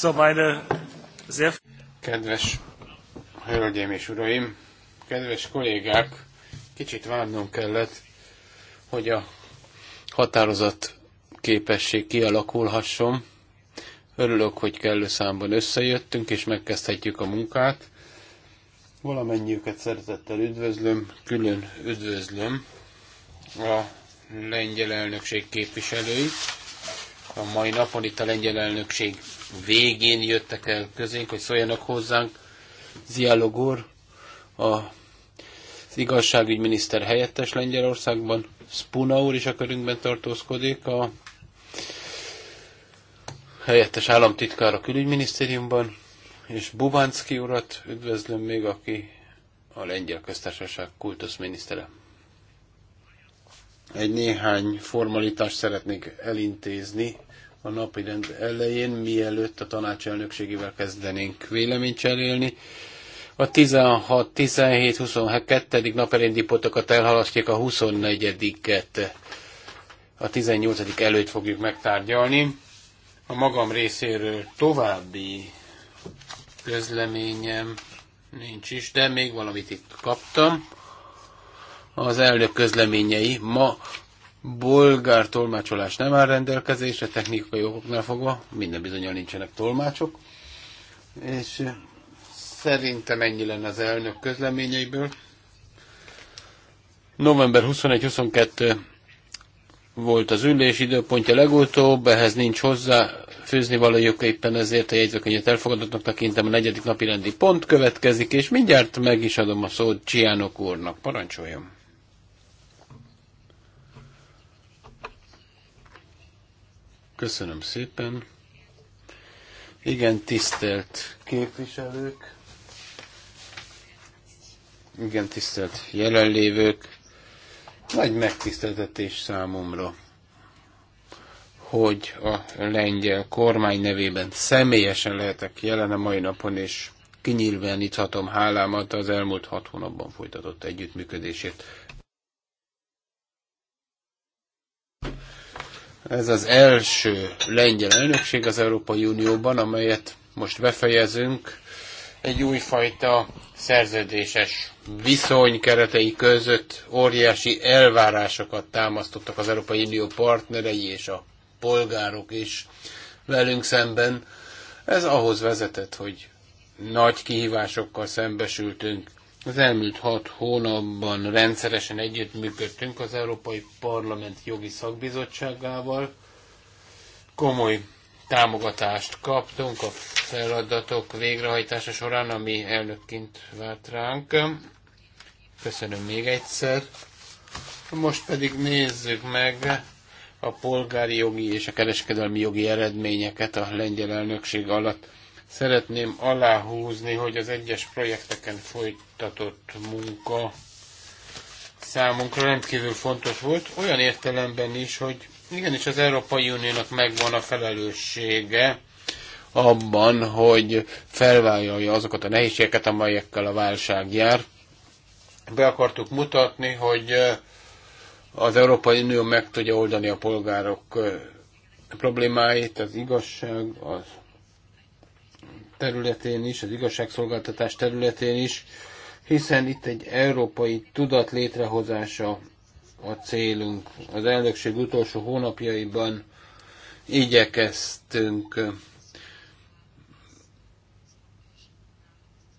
Szóval, meine sehr... Kedves hölgyeim és uraim, kedves kollégák, kicsit várnom kellett, hogy a határozat képesség kialakulhasson. Örülök, hogy kellő számban összejöttünk, és megkezdhetjük a munkát. Valamennyiüket szeretettel üdvözlöm, külön üdvözlöm a lengyel elnökség képviselőit a mai napon itt a lengyel elnökség végén jöttek el közénk, hogy szóljanak hozzánk. Zialog úr, a, az igazságügyminiszter helyettes Lengyelországban, Spuna úr is a körünkben tartózkodik, a helyettes államtitkár a külügyminisztériumban, és Bubánszki urat üdvözlöm még, aki a lengyel köztársaság kultuszminisztere. Egy néhány formalitást szeretnék elintézni a napi rend elején, mielőtt a tanács elnökségével kezdenénk véleményt cserélni. A 16, 17, 22. naperendi pontokat elhalasztják a 24-et. A 18. előtt fogjuk megtárgyalni. A magam részéről további közleményem nincs is, de még valamit itt kaptam az elnök közleményei. Ma bolgár tolmácsolás nem áll rendelkezésre, technikai okoknál fogva, minden bizonyal nincsenek tolmácsok. És eh, szerintem ennyi lenne az elnök közleményeiből. November 21-22 volt az ülés időpontja legutóbb, ehhez nincs hozzá főzni valójuk éppen ezért a jegyzőkönyvet elfogadottnak tekintem a negyedik napi rendi pont következik, és mindjárt meg is adom a szót Csiánok úrnak. Parancsoljon! Köszönöm szépen. Igen, tisztelt képviselők, igen, tisztelt jelenlévők, nagy megtiszteltetés számomra, hogy a lengyel kormány nevében személyesen lehetek jelen a mai napon, és kinyilváníthatom hálámat az elmúlt hat hónapban folytatott együttműködését. Ez az első lengyel elnökség az Európai Unióban, amelyet most befejezünk. Egy újfajta szerződéses viszony keretei között óriási elvárásokat támasztottak az Európai Unió partnerei és a polgárok is velünk szemben. Ez ahhoz vezetett, hogy nagy kihívásokkal szembesültünk. Az elmúlt hat hónapban rendszeresen együttműködtünk az Európai Parlament jogi szakbizottságával. Komoly támogatást kaptunk a feladatok végrehajtása során, ami elnökként várt ránk. Köszönöm még egyszer. Most pedig nézzük meg a polgári jogi és a kereskedelmi jogi eredményeket a lengyel elnökség alatt. Szeretném aláhúzni, hogy az egyes projekteken folytatott munka számunkra rendkívül fontos volt, olyan értelemben is, hogy igenis az Európai Uniónak megvan a felelőssége abban, hogy felvállalja azokat a nehézségeket, amelyekkel a válság jár. Be akartuk mutatni, hogy az Európai Unió meg tudja oldani a polgárok problémáit, az igazság, az területén is, az igazságszolgáltatás területén is, hiszen itt egy európai tudat létrehozása a célunk. Az elnökség utolsó hónapjaiban igyekeztünk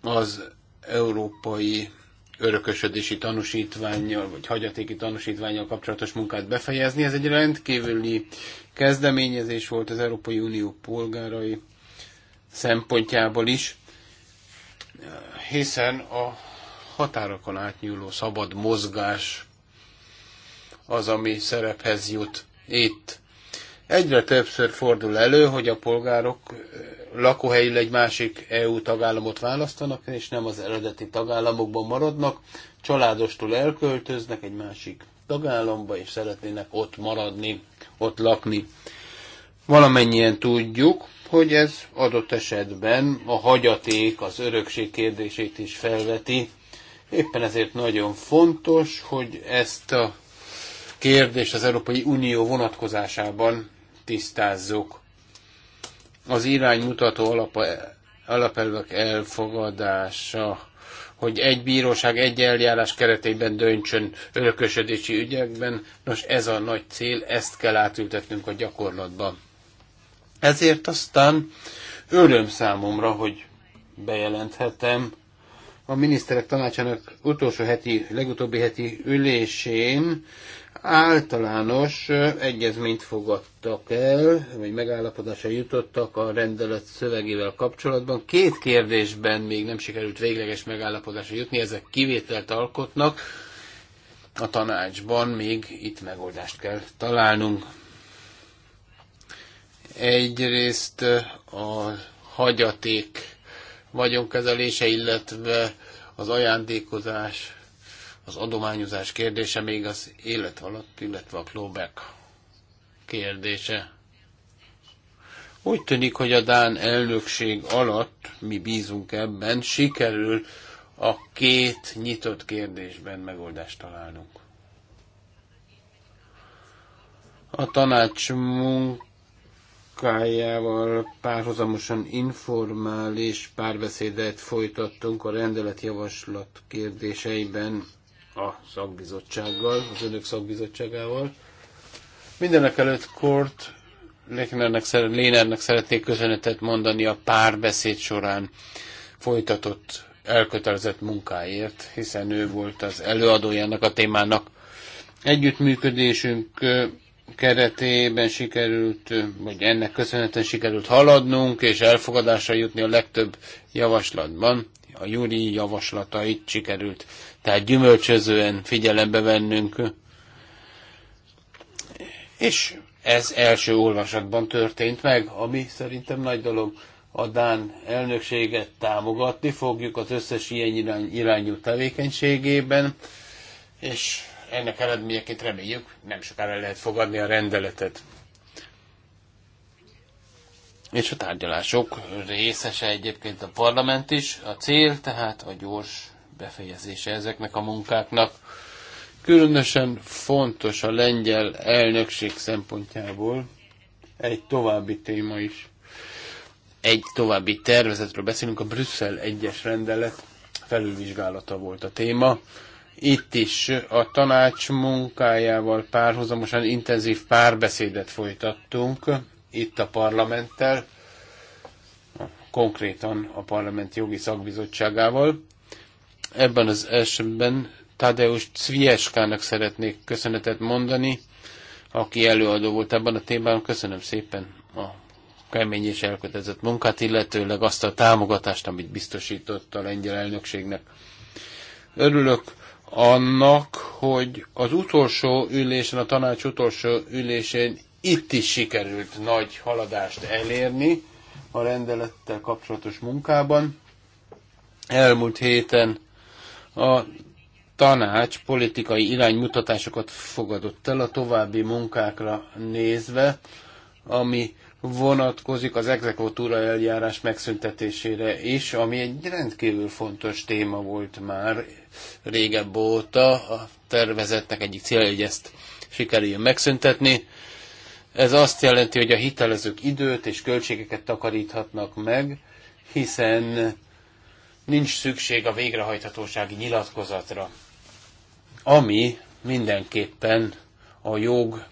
az európai örökösödési tanúsítványjal, vagy hagyatéki tanúsítványjal kapcsolatos munkát befejezni. Ez egy rendkívüli kezdeményezés volt az Európai Unió polgárai szempontjából is, hiszen a határokon átnyúló szabad mozgás az, ami szerephez jut itt. Egyre többször fordul elő, hogy a polgárok lakóhelyül egy másik EU tagállamot választanak, és nem az eredeti tagállamokban maradnak, családostól elköltöznek egy másik tagállamba, és szeretnének ott maradni, ott lakni. Valamennyien tudjuk, hogy ez adott esetben a hagyaték, az örökség kérdését is felveti. Éppen ezért nagyon fontos, hogy ezt a kérdést az Európai Unió vonatkozásában tisztázzuk. Az iránymutató alap, alapelvek elfogadása hogy egy bíróság egy eljárás keretében döntsön örökösödési ügyekben. Nos, ez a nagy cél, ezt kell átültetnünk a gyakorlatban. Ezért aztán öröm számomra, hogy bejelenthetem a miniszterek tanácsának utolsó heti, legutóbbi heti ülésén általános egyezményt fogadtak el, vagy megállapodásra jutottak a rendelet szövegével kapcsolatban. Két kérdésben még nem sikerült végleges megállapodásra jutni, ezek kivételt alkotnak. A tanácsban még itt megoldást kell találnunk. Egyrészt a hagyaték vagyonkezelése, illetve az ajándékozás, az adományozás kérdése, még az élet alatt, illetve a klóbek kérdése. Úgy tűnik, hogy a Dán elnökség alatt, mi bízunk ebben, sikerül a két nyitott kérdésben megoldást találnunk. A tanács munkája munkájával párhuzamosan informális párbeszédet folytattunk a rendeletjavaslat kérdéseiben a szakbizottsággal, az önök szakbizottságával. Mindenek előtt Kort Lénernek, szeret, Lénernek szeretnék köszönetet mondani a párbeszéd során folytatott elkötelezett munkáért, hiszen ő volt az előadójának a témának. Együttműködésünk keretében sikerült, vagy ennek köszönhetően sikerült haladnunk, és elfogadásra jutni a legtöbb javaslatban. A júri javaslatait sikerült tehát gyümölcsözően figyelembe vennünk. És ez első olvasatban történt meg, ami szerintem nagy dolog. A Dán elnökséget támogatni fogjuk az összes ilyen irány, irányú tevékenységében, és ennek eredményeként reméljük nem sokára lehet fogadni a rendeletet. És a tárgyalások részese egyébként a parlament is. A cél tehát a gyors befejezése ezeknek a munkáknak. Különösen fontos a lengyel elnökség szempontjából egy további téma is. Egy további tervezetről beszélünk, a Brüsszel egyes rendelet felülvizsgálata volt a téma itt is a tanács munkájával párhuzamosan intenzív párbeszédet folytattunk itt a parlamenttel, konkrétan a parlament jogi szakbizottságával. Ebben az esetben Tadeusz Cvieskának szeretnék köszönetet mondani, aki előadó volt ebben a témában. Köszönöm szépen a kemény és elkötelezett munkát, illetőleg azt a támogatást, amit biztosított a lengyel elnökségnek. Örülök, annak, hogy az utolsó ülésen, a tanács utolsó ülésén itt is sikerült nagy haladást elérni a rendelettel kapcsolatos munkában. Elmúlt héten a tanács politikai iránymutatásokat fogadott el a további munkákra nézve, ami vonatkozik az exekutúra eljárás megszüntetésére is, ami egy rendkívül fontos téma volt már régebb óta a tervezetnek egyik célja, hogy ezt sikerüljön megszüntetni. Ez azt jelenti, hogy a hitelezők időt és költségeket takaríthatnak meg, hiszen nincs szükség a végrehajthatósági nyilatkozatra, ami mindenképpen a jog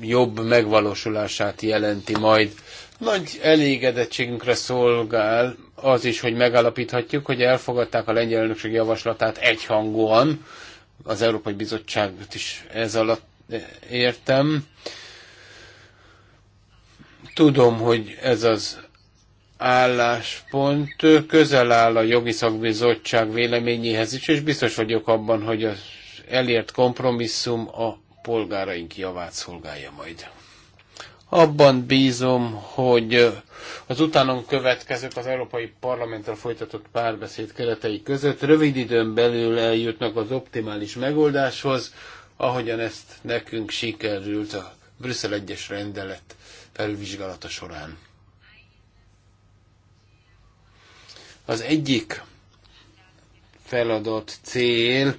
jobb megvalósulását jelenti majd nagy elégedettségünkre szolgál az is, hogy megállapíthatjuk, hogy elfogadták a lengyel elnökség javaslatát egyhangúan, az Európai Bizottságot is ez alatt értem. Tudom, hogy ez az álláspont közel áll a jogi szakbizottság véleményéhez is, és biztos vagyok abban, hogy az elért kompromisszum a polgáraink javát szolgálja majd. Abban bízom, hogy az utánon következők az Európai Parlamenttel folytatott párbeszéd keretei között rövid időn belül eljutnak az optimális megoldáshoz, ahogyan ezt nekünk sikerült a Brüsszel egyes rendelet felvizsgálata során. Az egyik feladat cél,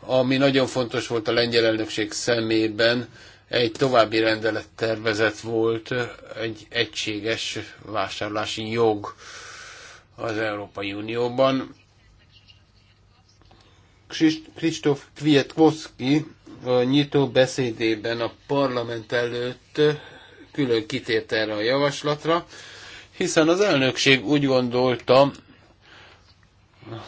ami nagyon fontos volt a lengyel elnökség szemében, egy további rendelettervezet volt, egy egységes vásárlási jog az Európai Unióban. Krzysztof Kwiatkowski a nyitó beszédében a parlament előtt külön kitért erre a javaslatra, hiszen az elnökség úgy gondolta,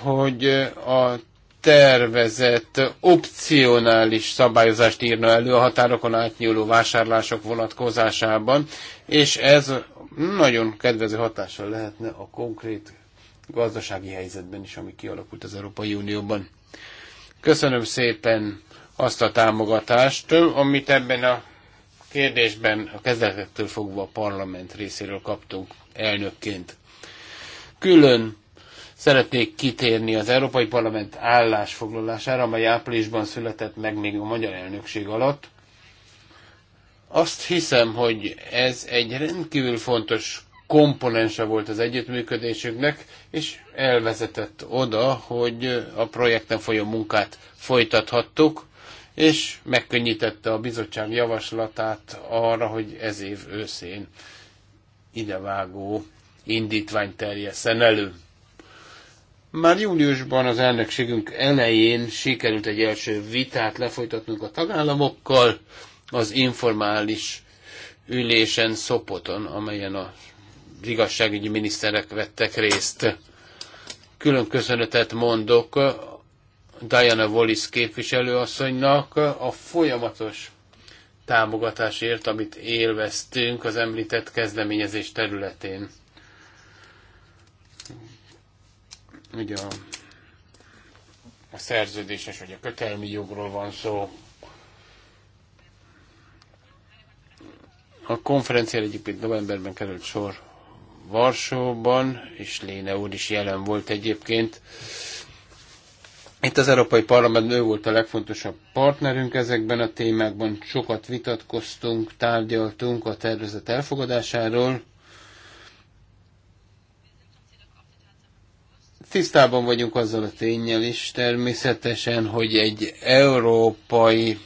hogy a tervezett opcionális szabályozást írna elő a határokon átnyúló vásárlások vonatkozásában, és ez nagyon kedvező hatással lehetne a konkrét gazdasági helyzetben is, ami kialakult az Európai Unióban. Köszönöm szépen azt a támogatást, amit ebben a kérdésben a kezdetektől fogva a parlament részéről kaptunk elnökként. Külön Szeretnék kitérni az Európai Parlament állásfoglalására, amely áprilisban született meg még a magyar elnökség alatt. Azt hiszem, hogy ez egy rendkívül fontos komponense volt az együttműködésünknek, és elvezetett oda, hogy a projekten folyó munkát folytathattuk, és megkönnyítette a bizottság javaslatát arra, hogy ez év őszén idevágó indítvány terjesszen elő. Már júliusban az elnökségünk elején sikerült egy első vitát lefolytatnunk a tagállamokkal az informális ülésen Szopoton, amelyen a igazságügyi miniszterek vettek részt. Külön köszönetet mondok Diana Wallis képviselőasszonynak a folyamatos támogatásért, amit élveztünk az említett kezdeményezés területén. Ugye a, a szerződéses vagy a kötelmi jogról van szó. A konferencia egyébként novemberben került sor Varsóban, és Léne úr is jelen volt egyébként. Itt az Európai Parlament ő volt a legfontosabb partnerünk ezekben a témákban, sokat vitatkoztunk, tárgyaltunk a tervezet elfogadásáról, Tisztában vagyunk azzal a tényel is természetesen, hogy egy európai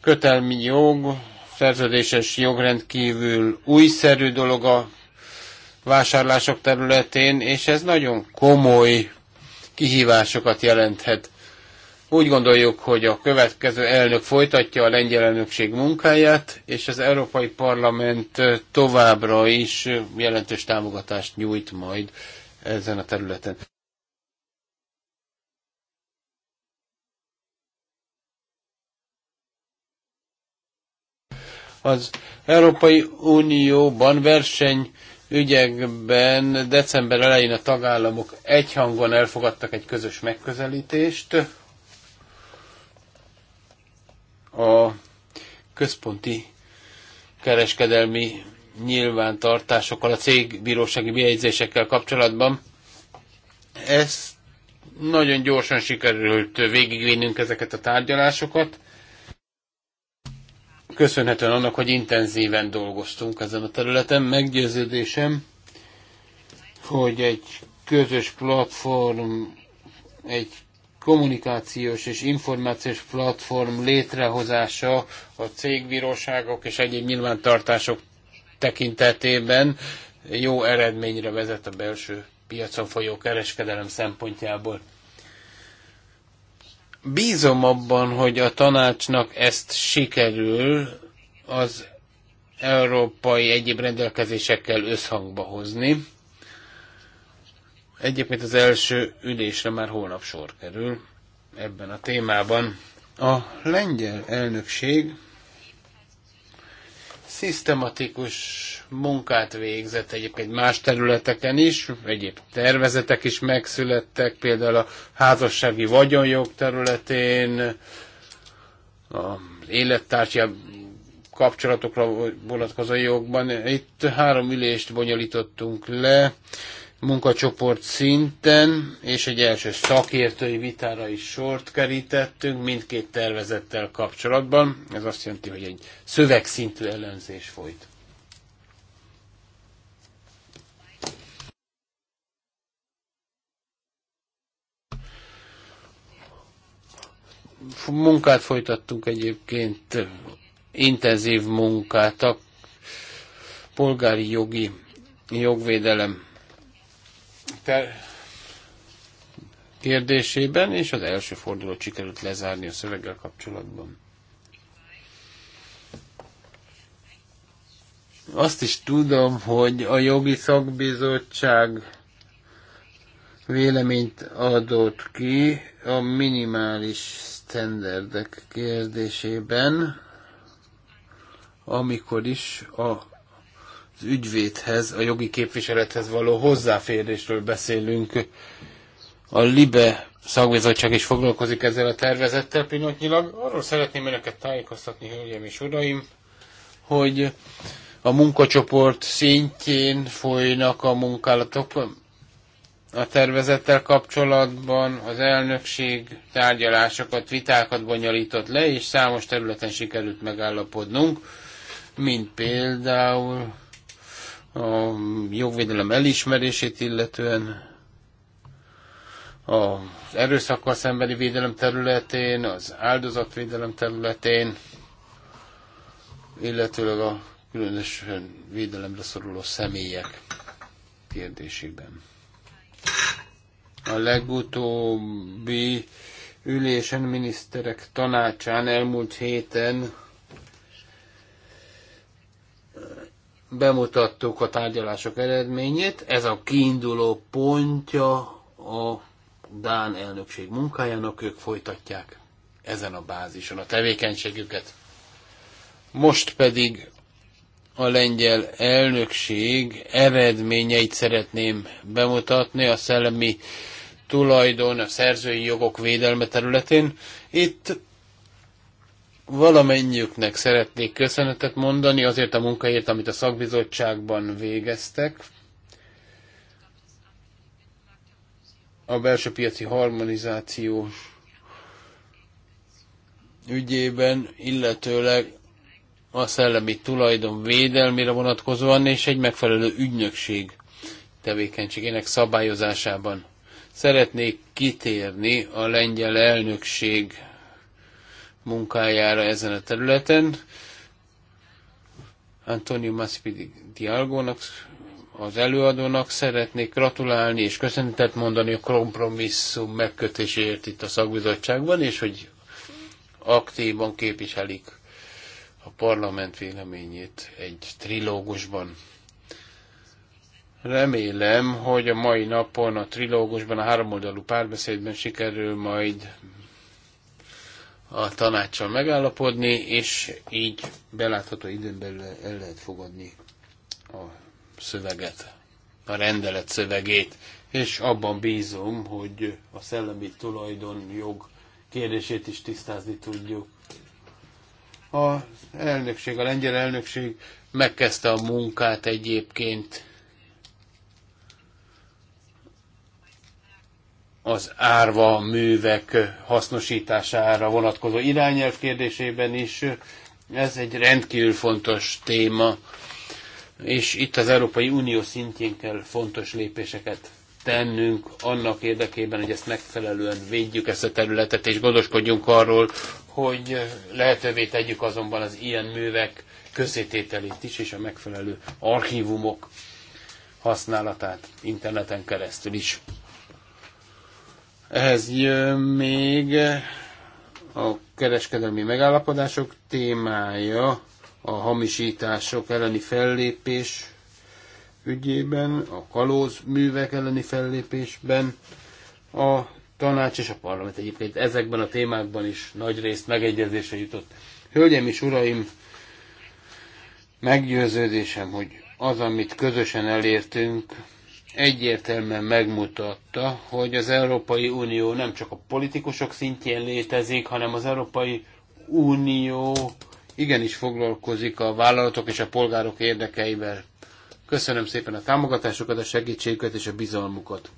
kötelmi jog, szerződéses jogrend kívül újszerű dolog a vásárlások területén, és ez nagyon komoly kihívásokat jelenthet. Úgy gondoljuk, hogy a következő elnök folytatja a lengyel elnökség munkáját, és az Európai Parlament továbbra is jelentős támogatást nyújt majd ezen a területen. Az Európai Unióban verseny ügyekben december elején a tagállamok egyhangon elfogadtak egy közös megközelítést. A központi kereskedelmi nyilvántartásokkal, a cégbírósági bejegyzésekkel kapcsolatban. Ezt nagyon gyorsan sikerült végigvinnünk ezeket a tárgyalásokat. Köszönhetően annak, hogy intenzíven dolgoztunk ezen a területen, meggyőződésem, hogy egy közös platform, egy kommunikációs és információs platform létrehozása a cégbíróságok és egyéb nyilvántartások tekintetében jó eredményre vezet a belső piacon folyó kereskedelem szempontjából. Bízom abban, hogy a tanácsnak ezt sikerül az európai egyéb rendelkezésekkel összhangba hozni. Egyébként az első ülésre már holnap sor kerül ebben a témában. A lengyel elnökség szisztematikus munkát végzett egyébként más területeken is, egyéb tervezetek is megszülettek, például a házassági vagyonjog területén, az élettársi kapcsolatokra vonatkozó jogban. Itt három ülést bonyolítottunk le, munkacsoport szinten, és egy első szakértői vitára is sort kerítettünk mindkét tervezettel kapcsolatban. Ez azt jelenti, hogy egy szövegszintű ellenzés folyt. Munkát folytattunk egyébként, intenzív munkát a polgári jogi jogvédelem ter kérdésében, és az első fordulót sikerült lezárni a szöveggel kapcsolatban. Azt is tudom, hogy a jogi szakbizottság véleményt adott ki a minimális standardek kérdésében, amikor is a ügyvédhez, a jogi képviselethez való hozzáférésről beszélünk. A LIBE szakbizottság is foglalkozik ezzel a tervezettel pillanatnyilag. Arról szeretném önöket tájékoztatni, hölgyeim és uraim, hogy a munkacsoport szintjén folynak a munkálatok a tervezettel kapcsolatban. Az elnökség tárgyalásokat, vitákat bonyolított le, és számos területen sikerült megállapodnunk, mint például a jogvédelem elismerését illetően, az erőszakkal szembeni védelem területén, az áldozatvédelem területén, illetőleg a különösen védelemre szoruló személyek kérdésében. A legutóbbi ülésen miniszterek tanácsán elmúlt héten bemutattuk a tárgyalások eredményét, ez a kiinduló pontja a Dán elnökség munkájának, ők folytatják ezen a bázison a tevékenységüket. Most pedig a lengyel elnökség eredményeit szeretném bemutatni a szellemi tulajdon, a szerzői jogok védelme területén. Itt valamennyiüknek szeretnék köszönetet mondani azért a munkáért, amit a szakbizottságban végeztek. A belső piaci harmonizációs ügyében, illetőleg a szellemi tulajdon védelmére vonatkozóan és egy megfelelő ügynökség tevékenységének szabályozásában. Szeretnék kitérni a lengyel elnökség munkájára ezen a területen. Antonio Maspidi Dialgónak, az előadónak szeretnék gratulálni és köszönetet mondani a kompromisszum megkötéséért itt a szakbizottságban, és hogy aktívan képviselik a parlament véleményét egy trilógusban. Remélem, hogy a mai napon a trilógusban, a háromoldalú párbeszédben sikerül majd a tanácssal megállapodni, és így belátható időn belül el lehet fogadni a szöveget, a rendelet szövegét, és abban bízom, hogy a szellemi tulajdon jog kérdését is tisztázni tudjuk. A elnökség, a lengyel elnökség megkezdte a munkát egyébként az árva művek hasznosítására vonatkozó irányelv kérdésében is. Ez egy rendkívül fontos téma, és itt az Európai Unió szintjén kell fontos lépéseket tennünk annak érdekében, hogy ezt megfelelően védjük ezt a területet, és gondoskodjunk arról, hogy lehetővé tegyük azonban az ilyen művek közétételét is, és a megfelelő archívumok használatát interneten keresztül is. Ehhez jön még a kereskedelmi megállapodások témája, a hamisítások elleni fellépés ügyében, a kalóz művek elleni fellépésben, a tanács és a parlament egyébként ezekben a témákban is nagy részt megegyezésre jutott. Hölgyeim és uraim, meggyőződésem, hogy az, amit közösen elértünk, egyértelműen megmutatta, hogy az Európai Unió nem csak a politikusok szintjén létezik, hanem az Európai Unió igenis foglalkozik a vállalatok és a polgárok érdekeivel. Köszönöm szépen a támogatásokat, a segítségüket és a bizalmukat.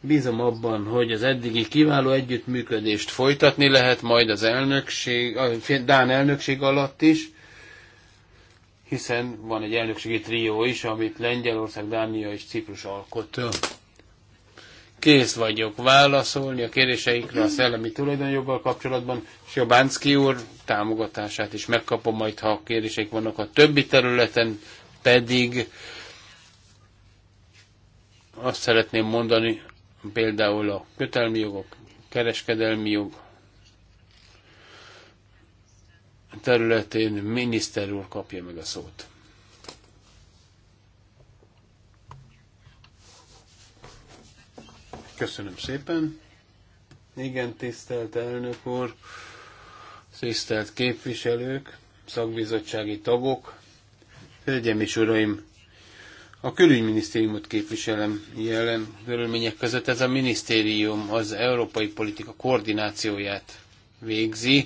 Bízom abban, hogy az eddigi kiváló együttműködést folytatni lehet majd az elnökség, a Dán elnökség alatt is, hiszen van egy elnökségi trió is, amit Lengyelország, Dánia és Ciprus alkot. Kész vagyok válaszolni a kéréseikre a szellemi tulajdonjoggal kapcsolatban, és a Bánszki úr támogatását is megkapom majd, ha a kéréseik vannak a többi területen, pedig azt szeretném mondani, például a kötelmi jogok, kereskedelmi jog, területén miniszter úr kapja meg a szót. Köszönöm szépen. Igen, tisztelt elnök úr, tisztelt képviselők, szakbizottsági tagok, hölgyem és uraim, a külügyminisztériumot képviselem jelen körülmények között. Ez a minisztérium az európai politika koordinációját végzi,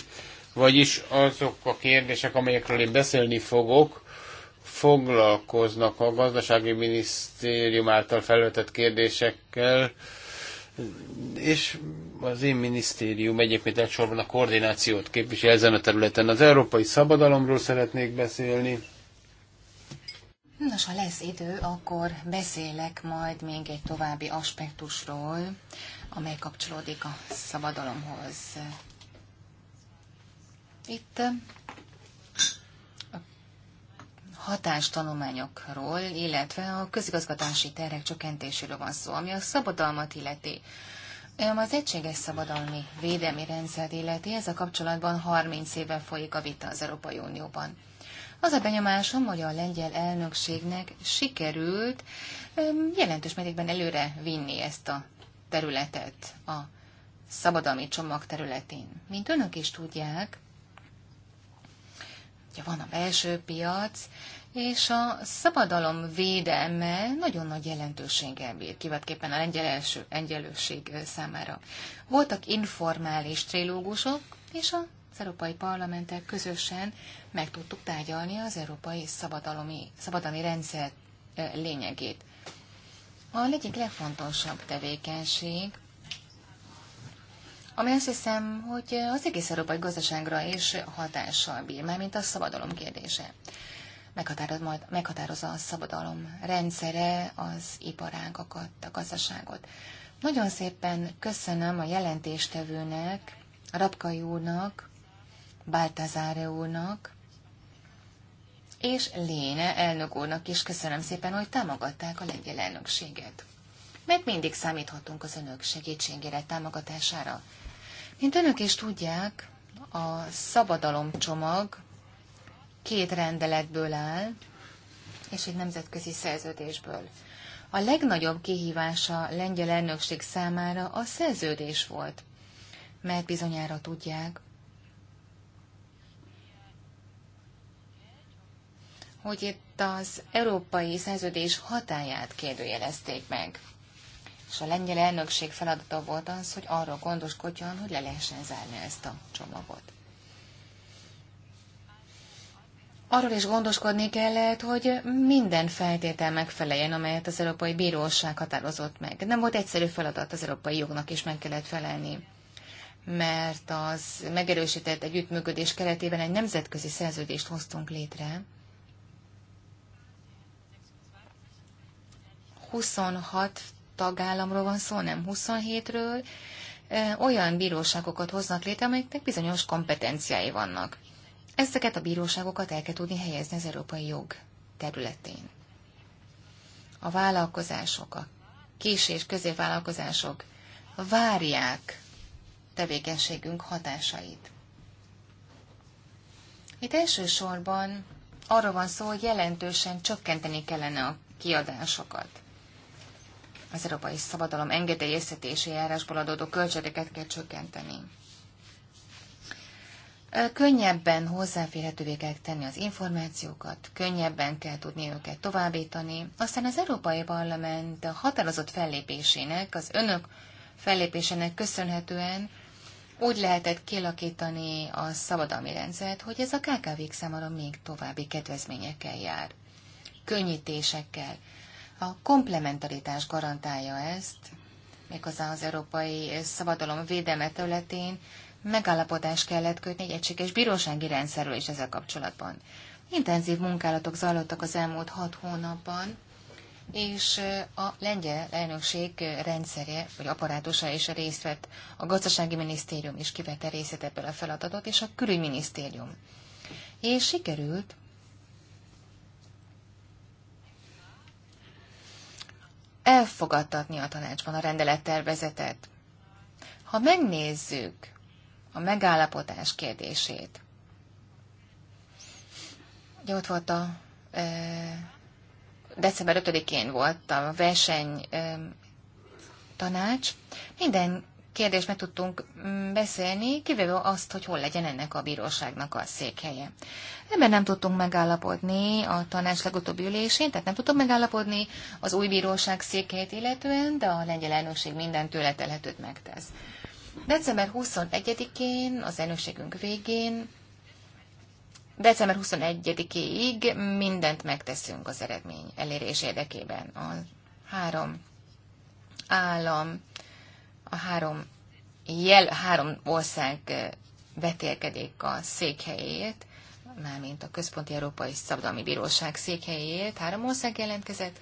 vagyis azok a kérdések, amelyekről én beszélni fogok, foglalkoznak a gazdasági minisztérium által felvetett kérdésekkel, és az én minisztérium egyébként elsősorban a koordinációt képvisel ezen a területen. Az európai szabadalomról szeretnék beszélni. Nos, ha lesz idő, akkor beszélek majd még egy további aspektusról, amely kapcsolódik a szabadalomhoz. Itt a hatástanulmányokról, illetve a közigazgatási terek csökkentéséről van szó, ami a szabadalmat illeti. Az egységes szabadalmi védelmi rendszer illeti, ez a kapcsolatban 30 éve folyik a vita az Európai Unióban. Az a benyomásom, hogy a lengyel elnökségnek sikerült jelentős mértékben előre vinni ezt a területet a szabadalmi csomag területén. Mint önök is tudják, Ugye van a belső piac, és a szabadalom védelme nagyon nagy jelentőséggel bír, kivetképpen a lengyel első, lengyelőség számára. Voltak informális trilógusok, és az Európai parlamentek közösen meg tudtuk tárgyalni az Európai Szabadalomi, Szabadalmi Rendszer lényegét. A egyik legfontosabb tevékenység ami azt hiszem, hogy az egész európai gazdaságra is hatással bír, már mint a szabadalom kérdése. Meghatároz majd, meghatározza a szabadalom rendszere az iparágakat, a gazdaságot. Nagyon szépen köszönöm a jelentéstevőnek, Rapkai úrnak, Báltazáre úrnak, és Léne elnök úrnak is köszönöm szépen, hogy támogatták a lengyel elnökséget. Mert mindig számíthatunk az önök segítségére, támogatására. Mint önök is tudják, a szabadalomcsomag két rendeletből áll, és egy nemzetközi szerződésből. A legnagyobb kihívása lengyel elnökség számára a szerződés volt, mert bizonyára tudják, hogy itt az európai szerződés hatáját kérdőjelezték meg és a lengyel elnökség feladata volt az, hogy arról gondoskodjon, hogy le lehessen zárni ezt a csomagot. Arról is gondoskodni kellett, hogy minden feltétel megfeleljen, amelyet az Európai Bíróság határozott meg. Nem volt egyszerű feladat, az európai jognak is meg kellett felelni, mert az megerősített együttműködés keretében egy nemzetközi szerződést hoztunk létre. 26 tagállamról van szó, nem 27-ről, olyan bíróságokat hoznak létre, amelyeknek bizonyos kompetenciái vannak. Ezeket a bíróságokat el kell tudni helyezni az európai jog területén. A vállalkozások, a kis és középvállalkozások várják tevékenységünk hatásait. Itt elsősorban arra van szó, hogy jelentősen csökkenteni kellene a kiadásokat az európai szabadalom engedélyeztetési járásból adódó költségeket kell csökkenteni. Könnyebben hozzáférhetővé kell tenni az információkat, könnyebben kell tudni őket továbbítani. Aztán az Európai Parlament határozott fellépésének, az önök fellépésének köszönhetően úgy lehetett kialakítani a szabadalmi rendszert, hogy ez a KKV-k számára még további kedvezményekkel jár, könnyítésekkel, a komplementaritás garantálja ezt, méghozzá az európai szabadalom védelme területén megállapodás kellett kötni egy egységes bírósági rendszerről is ezzel kapcsolatban. Intenzív munkálatok zajlottak az elmúlt hat hónapban, és a lengyel elnökség rendszerje, vagy aparátusa is részt vett, a gazdasági minisztérium is kivette részét ebből a feladatot, és a külügyminisztérium. És sikerült elfogadtatni a tanácsban a rendelettervezetet. Ha megnézzük a megállapotás kérdését, ugye ott volt a e, december 5-én volt a verseny e, tanács, minden kérdést meg tudtunk mm, beszélni, kivéve azt, hogy hol legyen ennek a bíróságnak a székhelye. Ebben nem tudtunk megállapodni a tanács legutóbbi ülésén, tehát nem tudtunk megállapodni az új bíróság székhelyét illetően, de a lengyel elnökség minden tőle megtesz. December 21-én, az elnökségünk végén, december 21-ig mindent megteszünk az eredmény elérés érdekében. A három állam a három, jel, három ország vetélkedik a székhelyét, mármint a Központi Európai Szabadalmi Bíróság székhelyét, három ország jelentkezett.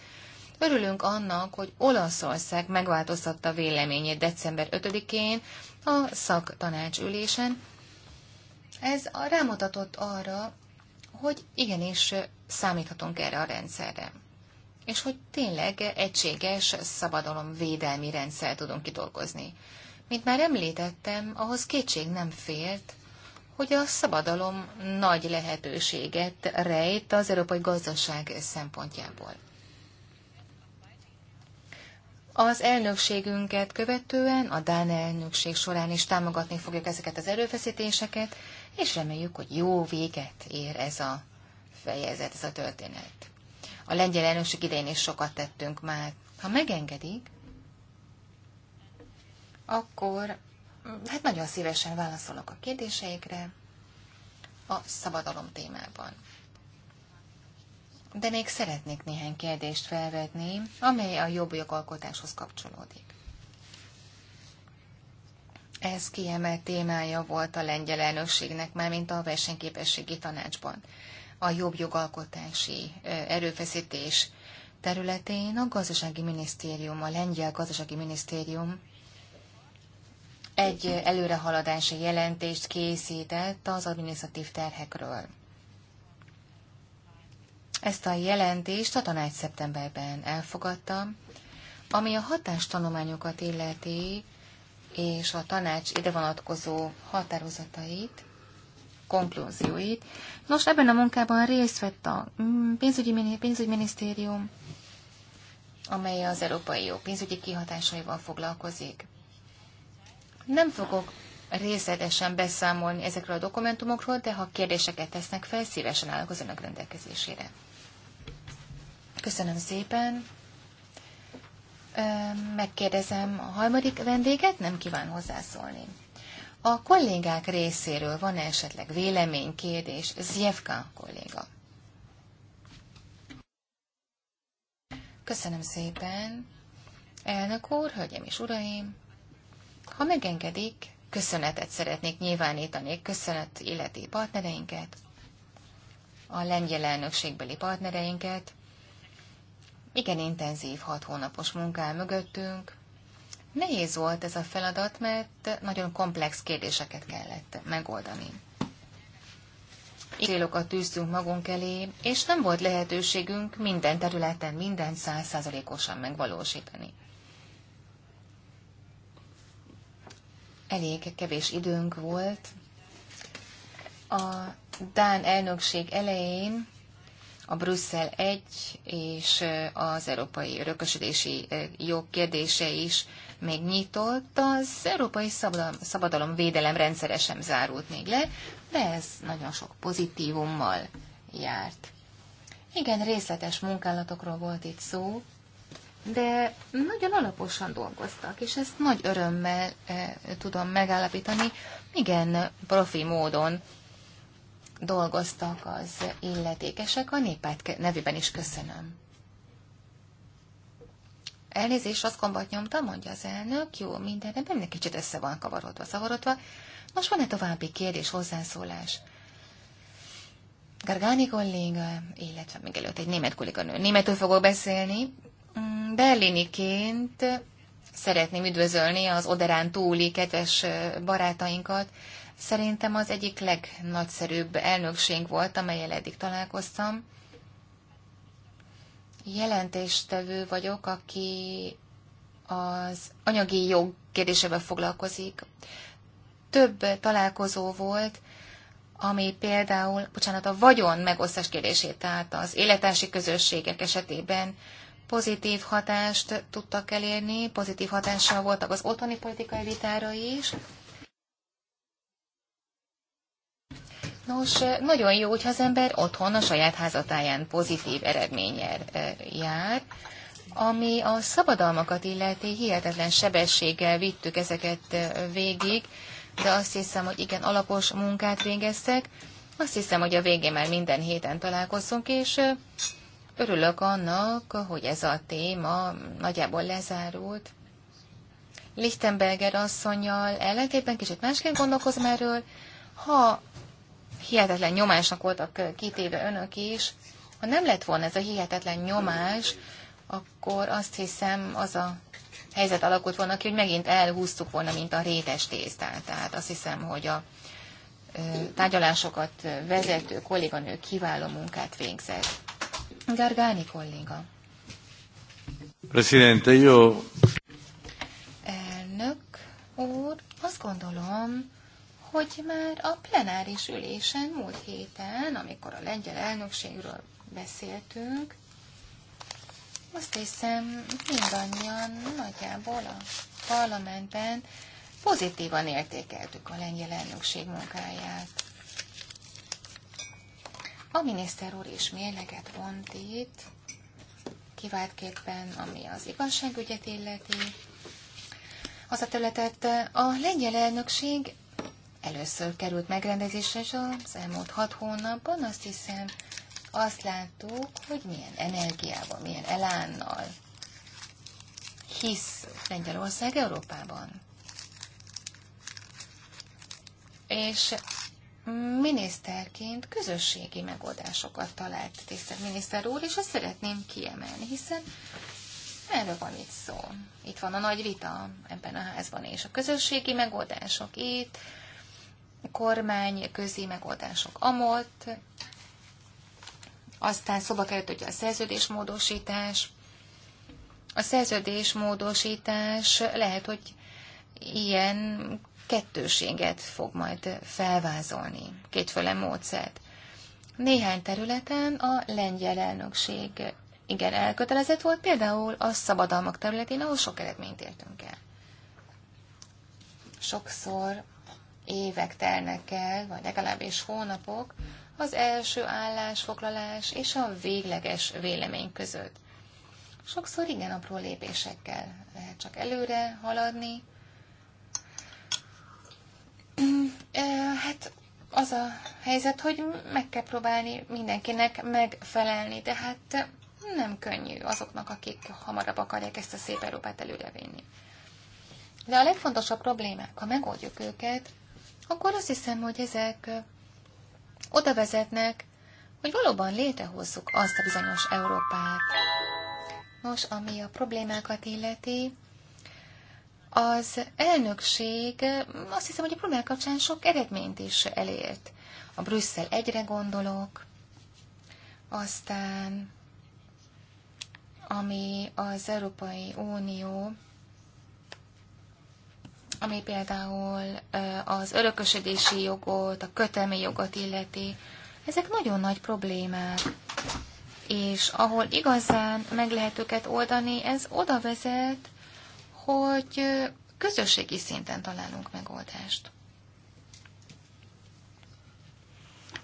Örülünk annak, hogy Olaszország megváltoztatta véleményét december 5-én a szaktanácsülésen. Ez rámutatott arra, hogy igenis számíthatunk erre a rendszerre és hogy tényleg egységes védelmi rendszer tudunk kidolgozni. Mint már említettem, ahhoz kétség nem félt, hogy a szabadalom nagy lehetőséget rejt az európai gazdaság szempontjából. Az elnökségünket követően a Dán elnökség során is támogatni fogjuk ezeket az erőfeszítéseket, és reméljük, hogy jó véget ér ez a fejezet, ez a történet. A lengyel elnökség idején is sokat tettünk már. Ha megengedik, akkor hát nagyon szívesen válaszolok a kérdéseikre a szabadalom témában. De még szeretnék néhány kérdést felvetni, amely a jobb jogalkotáshoz kapcsolódik. Ez kiemelt témája volt a lengyel elnökségnek, mármint a versenyképességi tanácsban a jobb jogalkotási erőfeszítés területén a gazdasági minisztérium, a lengyel gazdasági minisztérium egy előrehaladási jelentést készített az adminisztratív terhekről. Ezt a jelentést a tanács szeptemberben elfogadta, ami a hatástanulmányokat illeti, és a tanács ide vonatkozó határozatait, konklúzióit. Nos, ebben a munkában részt vett a pénzügyi, pénzügyminisztérium, amely az európai jó pénzügyi kihatásaival foglalkozik. Nem fogok részletesen beszámolni ezekről a dokumentumokról, de ha kérdéseket tesznek fel, szívesen állok az önök rendelkezésére. Köszönöm szépen. Megkérdezem a harmadik vendéget, nem kíván hozzászólni. A kollégák részéről van -e esetleg véleménykérdés? Zjevka kolléga. Köszönöm szépen. Elnök úr, hölgyem és uraim, ha megengedik, köszönetet szeretnék nyilvánítani köszönet illeti partnereinket, a lengyel elnökségbeli partnereinket. Igen intenzív hat hónapos munkál mögöttünk, Nehéz volt ez a feladat, mert nagyon komplex kérdéseket kellett megoldani. Célokat tűztünk magunk elé, és nem volt lehetőségünk minden területen minden százszázalékosan megvalósítani. Elég kevés időnk volt. A Dán elnökség elején a Brüsszel 1 és az európai örökösödési jog kérdése is még nyitott, az európai szabadalom, szabadalom védelem rendszere sem zárult még le, de ez nagyon sok pozitívummal járt. Igen, részletes munkálatokról volt itt szó, de nagyon alaposan dolgoztak, és ezt nagy örömmel e, tudom megállapítani. Igen, profi módon dolgoztak az illetékesek, a népát nevében is köszönöm. Elnézést, azt gombat nyomta, mondja az elnök. Jó, mindenre, minden kicsit össze van kavarodva, szavarodva. Most van-e további kérdés, hozzászólás? Gargani kolléga, illetve még előtt egy német kolléganő. Németül fogok beszélni. Mm, Berliniként szeretném üdvözölni az Oderán túli kedves barátainkat. Szerintem az egyik legnagyszerűbb elnökség volt, amelyel eddig találkoztam jelentéstevő vagyok, aki az anyagi jog kérdésével foglalkozik. Több találkozó volt, ami például, bocsánat, a vagyon megosztás kérdését, tehát az életási közösségek esetében pozitív hatást tudtak elérni, pozitív hatással voltak az otthoni politikai vitára is, Nos, nagyon jó, hogyha az ember otthon a saját házatáján pozitív eredménnyel jár, ami a szabadalmakat illeti, hihetetlen sebességgel vittük ezeket végig, de azt hiszem, hogy igen, alapos munkát végeztek. Azt hiszem, hogy a végén már minden héten találkozunk, és örülök annak, hogy ez a téma nagyjából lezárult. Lichtenberger asszonyjal ellentétben kicsit másként gondolkozom erről. Ha hihetetlen nyomásnak voltak kitéve önök is. Ha nem lett volna ez a hihetetlen nyomás, akkor azt hiszem az a helyzet alakult volna ki, hogy megint elhúztuk volna, mint a rétes tésztát. Tehát azt hiszem, hogy a tárgyalásokat vezető kolléganő kiváló munkát végzett. Gargáni kolléga. Presidente, jó. Elnök úr, azt gondolom, hogy már a plenáris ülésen múlt héten, amikor a lengyel elnökségről beszéltünk, azt hiszem mindannyian nagyjából a parlamentben pozitívan értékeltük a lengyel elnökség munkáját. A miniszter úr is mérleget vont itt, kiváltképpen ami az igazságügyet illeti, az a területet a lengyel elnökség először került megrendezésre, és az elmúlt hat hónapban azt hiszem, azt láttuk, hogy milyen energiával, milyen elánnal hisz Lengyelország Európában. És miniszterként közösségi megoldásokat talált tisztelt miniszter úr, és ezt szeretném kiemelni, hiszen erről van itt szó. Itt van a nagy vita ebben a házban, és a közösségi megoldások itt, kormány közi megoldások amolt, aztán szoba került ugye a szerződésmódosítás. A szerződésmódosítás lehet, hogy ilyen kettőséget fog majd felvázolni, kétféle módszert. Néhány területen a lengyel elnökség igen elkötelezett volt, például a szabadalmak területén, ahol sok eredményt értünk el. Sokszor évek telnek el, vagy legalábbis hónapok, az első állásfoglalás és a végleges vélemény között. Sokszor igen apró lépésekkel lehet csak előre haladni. Hát az a helyzet, hogy meg kell próbálni mindenkinek megfelelni, de hát nem könnyű azoknak, akik hamarabb akarják ezt a szép Európát előrevinni. De a legfontosabb problémák, ha megoldjuk őket, akkor azt hiszem, hogy ezek oda vezetnek, hogy valóban létrehozzuk azt a bizonyos Európát. Nos, ami a problémákat illeti, az elnökség azt hiszem, hogy a problémák kapcsán sok eredményt is elért. A Brüsszel egyre gondolok, aztán ami az Európai Unió ami például az örökösödési jogot, a kötelmi jogot illeti, ezek nagyon nagy problémák. És ahol igazán meg lehet őket oldani, ez oda vezet, hogy közösségi szinten találunk megoldást.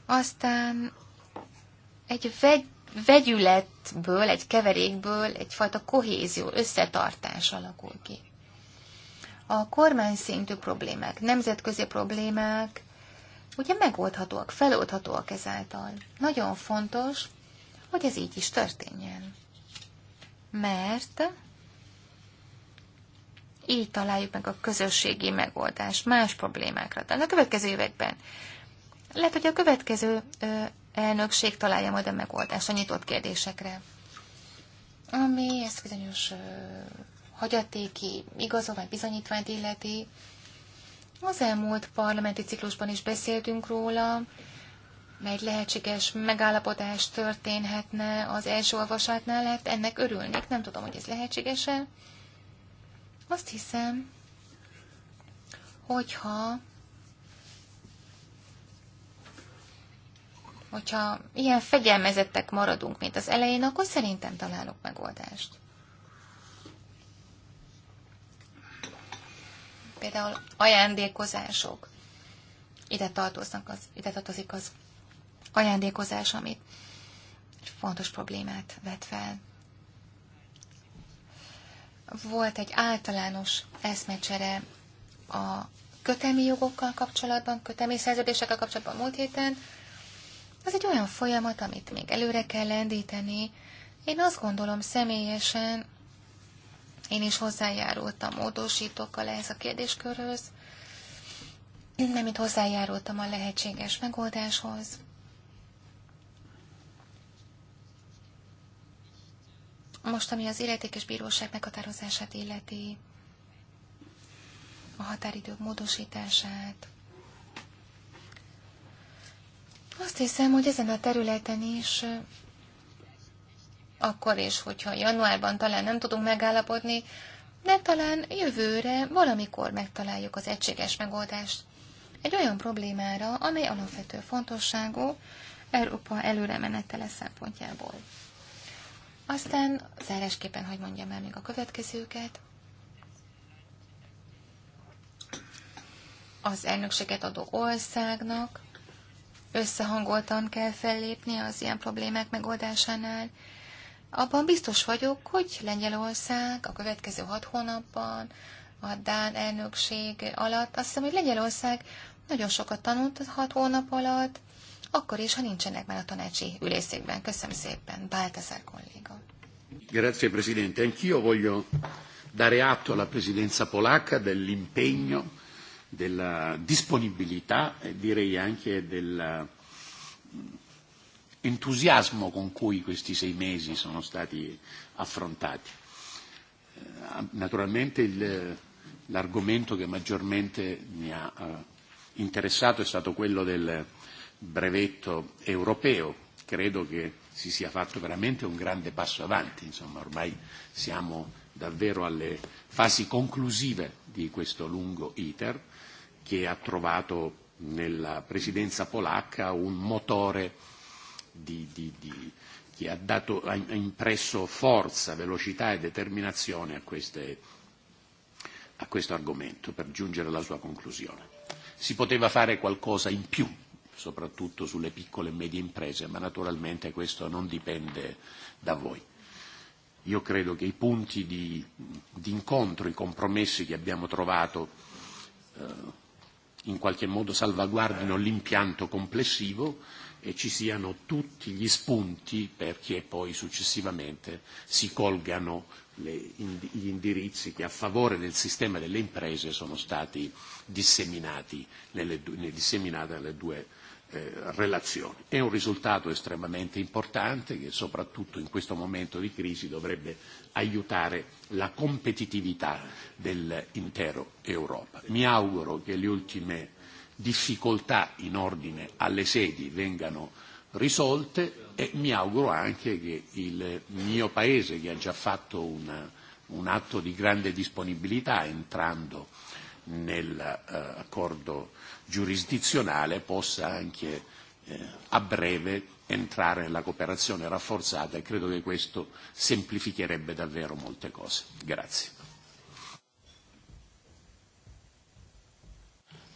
Aztán egy vegy, vegyületből, egy keverékből egyfajta kohézió, összetartás alakul ki a kormány szintű problémák, nemzetközi problémák, ugye megoldhatóak, feloldhatóak ezáltal. Nagyon fontos, hogy ez így is történjen. Mert így találjuk meg a közösségi megoldást más problémákra. De a következő években lehet, hogy a következő ö, elnökség találja majd a megoldást a nyitott kérdésekre. Ami ezt bizonyos hagyatéki igazolvány bizonyítványt illeti. Az elmúlt parlamenti ciklusban is beszéltünk róla, mely lehetséges megállapodás történhetne az első olvasátnál, lehet? ennek örülnék, nem tudom, hogy ez lehetséges-e. Azt hiszem, hogyha hogyha ilyen fegyelmezettek maradunk, mint az elején, akkor szerintem találok megoldást. például ajándékozások. Ide, tartoznak az, ide tartozik az ajándékozás, amit egy fontos problémát vet fel. Volt egy általános eszmecsere a kötelmi jogokkal kapcsolatban, kötelmi szerződésekkel kapcsolatban múlt héten. Ez egy olyan folyamat, amit még előre kell lendíteni. Én azt gondolom személyesen, én is hozzájárultam módosítókkal ehhez a kérdéskörhöz, nem itt hozzájárultam a lehetséges megoldáshoz. Most, ami az illetékes bíróság meghatározását illeti, a határidők módosítását. Azt hiszem, hogy ezen a területen is akkor is, hogyha januárban talán nem tudunk megállapodni, de talán jövőre valamikor megtaláljuk az egységes megoldást egy olyan problémára, amely alapvető fontosságú Európa előre menetele szempontjából. Aztán zárásképpen, hogy mondjam el még a következőket. Az elnökséget adó országnak összehangoltan kell fellépni az ilyen problémák megoldásánál, abban biztos vagyok, hogy Lengyelország a következő hat hónapban, a Dán elnökség alatt, azt hiszem, hogy Lengyelország nagyon sokat tanult a hat hónap alatt, akkor is, ha nincsenek már a tanácsi ülészékben. Köszönöm szépen, Baltasar kolléga. Grazie, Presidente. Anch'io voglio dare atto alla Presidenza polacca dell'impegno, della disponibilità e direi anche della entusiasmo con cui questi sei mesi sono stati affrontati. Eh, naturalmente il, l'argomento che maggiormente mi ha eh, interessato è stato quello del brevetto europeo. Credo che si sia fatto veramente un grande passo avanti, insomma ormai siamo davvero alle fasi conclusive di questo lungo iter che ha trovato nella presidenza polacca un motore di, di, di, chi ha, dato, ha impresso forza, velocità e determinazione a, queste, a questo argomento per giungere alla sua conclusione. Si poteva fare qualcosa in più, soprattutto sulle piccole e medie imprese, ma naturalmente questo non dipende da voi. Io credo che i punti di, di incontro, i compromessi che abbiamo trovato eh, in qualche modo salvaguardino l'impianto complessivo e ci siano tutti gli spunti perché poi successivamente si colgano le, gli indirizzi che a favore del sistema delle imprese sono stati disseminati nelle, disseminate nelle due eh, relazioni. È un risultato estremamente importante che soprattutto in questo momento di crisi dovrebbe aiutare la competitività dell'intero Europa. Mi auguro che le ultime difficoltà in ordine alle sedi vengano risolte e mi auguro anche che il mio Paese, che ha già fatto una, un atto di grande disponibilità entrando nell'accordo eh, giurisdizionale, possa anche eh, a breve entrare nella cooperazione rafforzata e credo che questo semplificherebbe davvero molte cose. Grazie.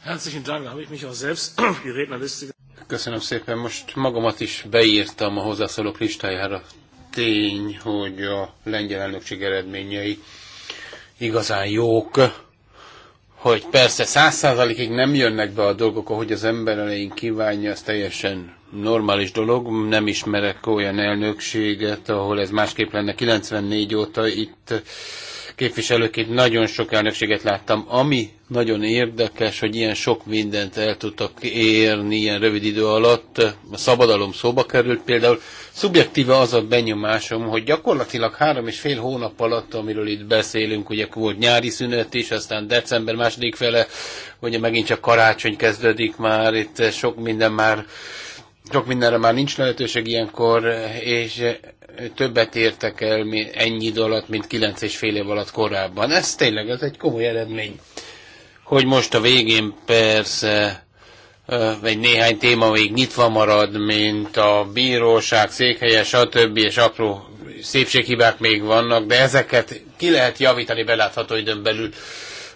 Herzlichen Dank, da habe ich mich auch selbst auf die Rednerliste. Köszönöm szépen, most magamat is beírtam a hozzászólók listájára. Tény, hogy a lengyel elnökség eredményei igazán jók hogy persze száz százalékig nem jönnek be a dolgok, ahogy az ember elején kívánja, ez teljesen normális dolog. Nem ismerek olyan elnökséget, ahol ez másképp lenne. 94 óta itt képviselőként nagyon sok elnökséget láttam. Ami nagyon érdekes, hogy ilyen sok mindent el tudtak érni ilyen rövid idő alatt. A szabadalom szóba került például. Szubjektíve az a benyomásom, hogy gyakorlatilag három és fél hónap alatt, amiről itt beszélünk, ugye volt nyári szünet is, aztán december második fele, ugye megint csak karácsony kezdődik már, itt sok minden már sok mindenre már nincs lehetőség ilyenkor, és többet értek el ennyi idő alatt, mint kilenc és fél év alatt korábban. Ez tényleg, ez egy komoly eredmény. Hogy most a végén persze egy néhány téma még nyitva marad, mint a bíróság, székhelye, stb. és apró szépséghibák még vannak, de ezeket ki lehet javítani belátható időn belül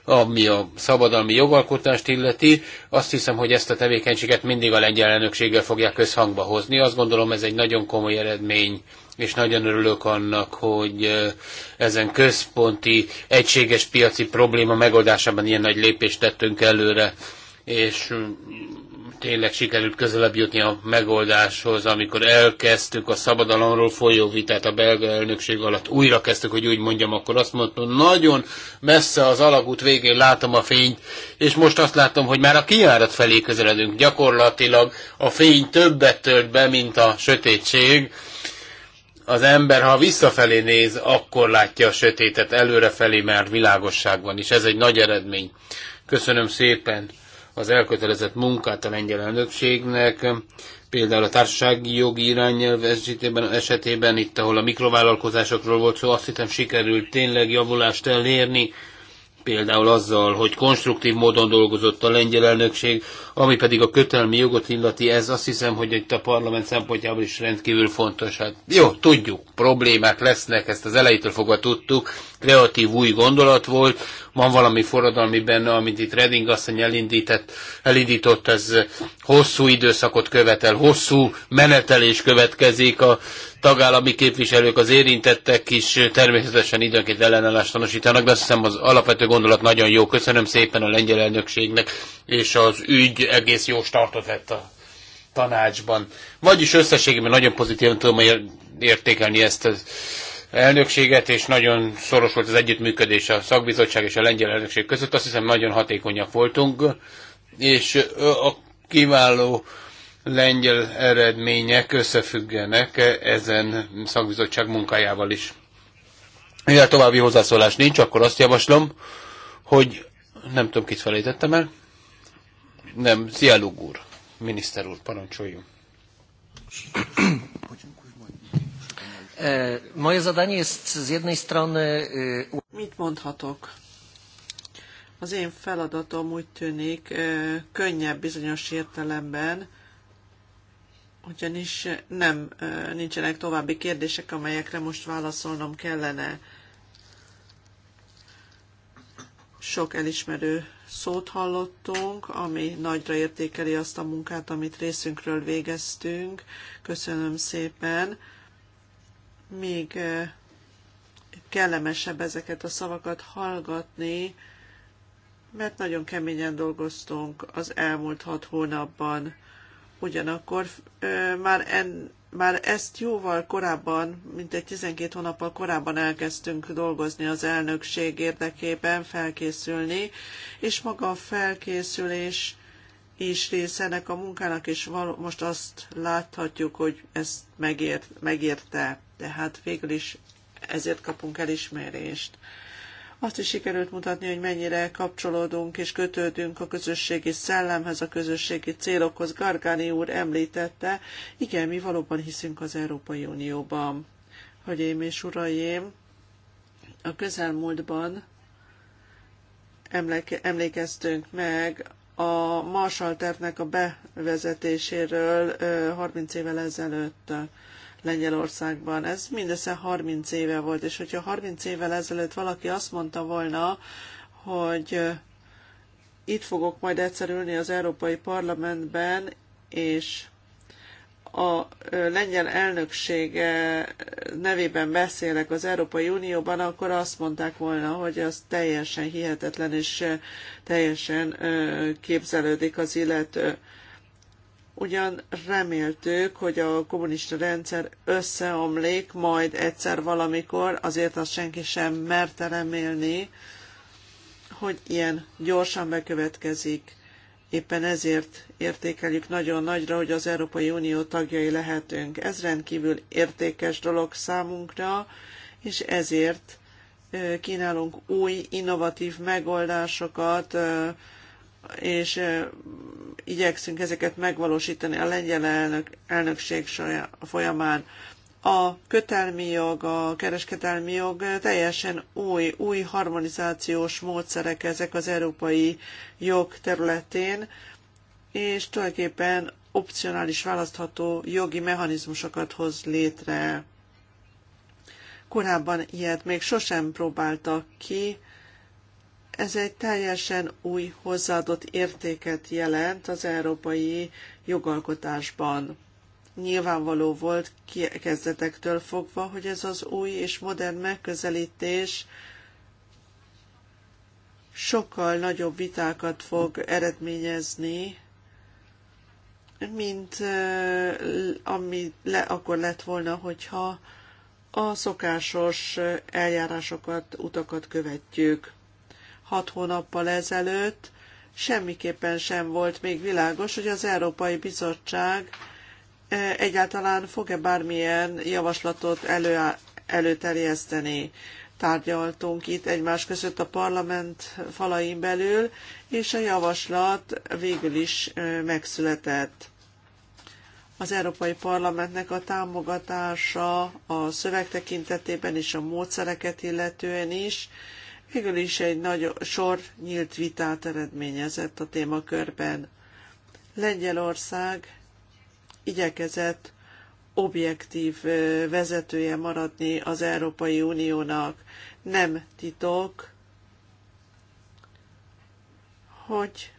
ami a szabadalmi jogalkotást illeti, azt hiszem, hogy ezt a tevékenységet mindig a lengyel elnökséggel fogják közhangba hozni. Azt gondolom, ez egy nagyon komoly eredmény és nagyon örülök annak, hogy ezen központi, egységes piaci probléma megoldásában ilyen nagy lépést tettünk előre, és tényleg sikerült közelebb jutni a megoldáshoz, amikor elkezdtük a szabadalomról folyó vitát a belga elnökség alatt, újra kezdtük, hogy úgy mondjam, akkor azt mondtam, nagyon messze az alagút végén látom a fényt, és most azt látom, hogy már a kijárat felé közeledünk. Gyakorlatilag a fény többet tölt be, mint a sötétség, az ember, ha visszafelé néz, akkor látja a sötétet, előrefelé már világosság van, és ez egy nagy eredmény. Köszönöm szépen az elkötelezett munkát a lengyel elnökségnek, például a társasági jogi irányelv esetében, esetében, itt, ahol a mikrovállalkozásokról volt szó, azt hiszem sikerült tényleg javulást elérni, például azzal, hogy konstruktív módon dolgozott a lengyel elnökség, ami pedig a kötelmi jogot illeti, ez azt hiszem, hogy itt a parlament szempontjából is rendkívül fontos. Hát jó, tudjuk, problémák lesznek, ezt az elejétől fogva tudtuk, kreatív új gondolat volt, van valami forradalmi benne, amit itt Reding asszony elindített, elindított, ez hosszú időszakot követel, hosszú menetelés következik, a tagállami képviselők, az érintettek is természetesen időnként ellenállást tanúsítanak, de azt hiszem az alapvető gondolat nagyon jó. Köszönöm szépen a lengyel elnökségnek és az ügy egész jó startot vett a tanácsban. Vagyis összességében nagyon pozitívan tudom értékelni ezt az elnökséget, és nagyon szoros volt az együttműködés a szakbizottság és a lengyel elnökség között. Azt hiszem, nagyon hatékonyak voltunk, és a kiváló lengyel eredmények összefüggenek ezen szakbizottság munkájával is. Mivel további hozzászólás nincs, akkor azt javaslom, hogy nem tudom, kit felejtettem el. Nem, Zialug úr, miniszter úr, parancsoljon. E, moje zadanie jest z jednej strony... E, Mit mondhatok? Az én feladatom úgy tűnik e, könnyebb bizonyos értelemben, ugyanis nem, nincsenek további kérdések, amelyekre most válaszolnom kellene. Sok elismerő szót hallottunk, ami nagyra értékeli azt a munkát, amit részünkről végeztünk. Köszönöm szépen. Még eh, kellemesebb ezeket a szavakat hallgatni, mert nagyon keményen dolgoztunk az elmúlt hat hónapban. Ugyanakkor ö, eh, már en, már ezt jóval korábban, mint egy 12 hónappal korábban elkezdtünk dolgozni az elnökség érdekében, felkészülni, és maga a felkészülés is része ennek a munkának, és való, most azt láthatjuk, hogy ezt megért, megérte, tehát végül is ezért kapunk elismerést. Azt is sikerült mutatni, hogy mennyire kapcsolódunk és kötődünk a közösségi szellemhez, a közösségi célokhoz. Gargani úr említette, igen, mi valóban hiszünk az Európai Unióban. Hölgyeim és uraim, a közelmúltban emlékeztünk meg a Marshall tervnek a bevezetéséről 30 évvel ezelőtt. Lengyelországban. Ez mindössze 30 éve volt, és hogyha 30 évvel ezelőtt valaki azt mondta volna, hogy itt fogok majd egyszer ülni az Európai Parlamentben, és a lengyel elnökség nevében beszélek az Európai Unióban, akkor azt mondták volna, hogy az teljesen hihetetlen és teljesen képzelődik az illető ugyan reméltük, hogy a kommunista rendszer összeomlik majd egyszer valamikor, azért azt senki sem merte remélni, hogy ilyen gyorsan bekövetkezik. Éppen ezért értékeljük nagyon nagyra, hogy az Európai Unió tagjai lehetünk. Ez rendkívül értékes dolog számunkra, és ezért kínálunk új, innovatív megoldásokat, és igyekszünk ezeket megvalósítani a lengyel elnök, elnökség folyamán. A kötelmi jog, a kereskedelmi jog teljesen új, új harmonizációs módszerek ezek az európai jog területén, és tulajdonképpen opcionális választható jogi mechanizmusokat hoz létre. Korábban ilyet még sosem próbáltak ki, ez egy teljesen új hozzáadott értéket jelent az európai jogalkotásban. Nyilvánvaló volt kezdetektől fogva, hogy ez az új és modern megközelítés sokkal nagyobb vitákat fog eredményezni, mint ami le, akkor lett volna, hogyha a szokásos eljárásokat, utakat követjük hat hónappal ezelőtt semmiképpen sem volt még világos, hogy az Európai Bizottság eh, egyáltalán fog-e bármilyen javaslatot elő, előterjeszteni. Tárgyaltunk itt egymás között a parlament falain belül, és a javaslat végül is eh, megszületett. Az Európai Parlamentnek a támogatása a szöveg tekintetében és a módszereket illetően is végül is egy nagy sor nyílt vitát eredményezett a témakörben. Lengyelország igyekezett objektív vezetője maradni az Európai Uniónak. Nem titok, hogy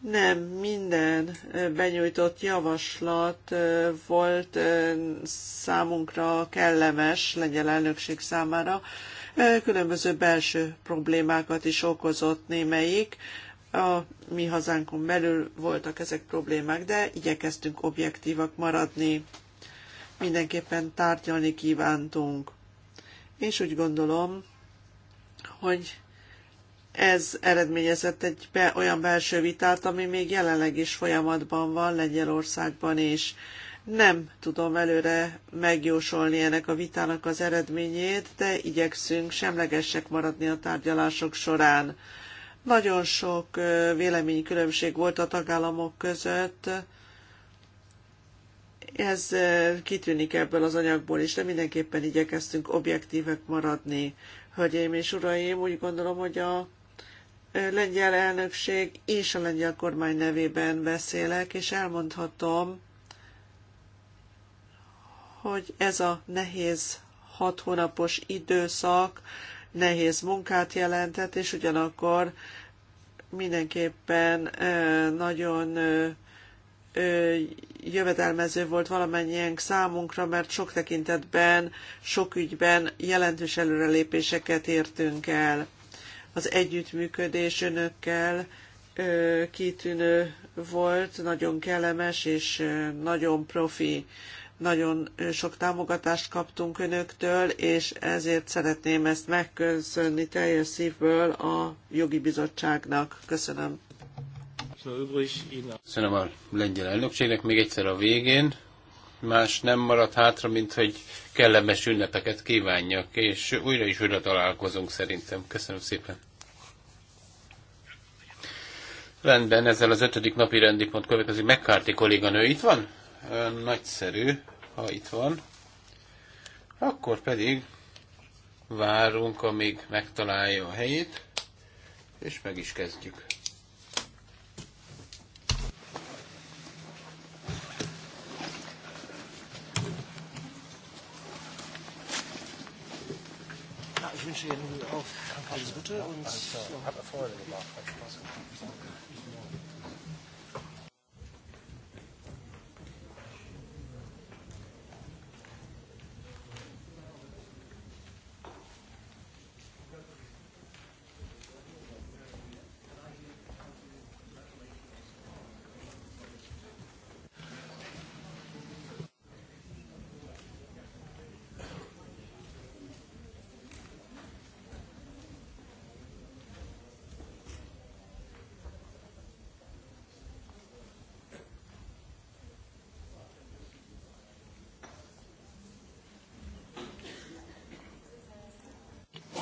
nem minden benyújtott javaslat volt számunkra kellemes, legyen elnökség számára, Különböző belső problémákat is okozott némelyik. A mi hazánkon belül voltak ezek problémák, de igyekeztünk objektívak maradni. Mindenképpen tárgyalni kívántunk. És úgy gondolom, hogy ez eredményezett egy be, olyan belső vitát, ami még jelenleg is folyamatban van Lengyelországban is. És nem tudom előre megjósolni ennek a vitának az eredményét, de igyekszünk semlegesek maradni a tárgyalások során. Nagyon sok véleménykülönbség volt a tagállamok között, ez kitűnik ebből az anyagból is, de mindenképpen igyekeztünk objektívek maradni. Hölgyeim és uraim, úgy gondolom, hogy a lengyel elnökség és a lengyel kormány nevében beszélek, és elmondhatom, hogy ez a nehéz hat hónapos időszak nehéz munkát jelentett, és ugyanakkor mindenképpen nagyon jövedelmező volt valamennyien számunkra, mert sok tekintetben, sok ügyben jelentős előrelépéseket értünk el. Az együttműködés önökkel kitűnő volt, nagyon kellemes és nagyon profi. Nagyon sok támogatást kaptunk önöktől, és ezért szeretném ezt megköszönni teljes szívből a jogi bizottságnak. Köszönöm. Köszönöm a lengyel elnökségnek még egyszer a végén. Más nem maradt hátra, mint hogy kellemes ünnepeket kívánjak, és újra is újra találkozunk szerintem. Köszönöm szépen. Rendben, ezzel az ötödik napi rendi pont következik. McCarthy kolléganő itt van? Nagyszerű, ha itt van. Akkor pedig várunk, amíg megtalálja a helyét, és meg is kezdjük. Ich wünsche Ihnen auf alles Gute und ja, hat Freude gemacht, hat Spaß gemacht.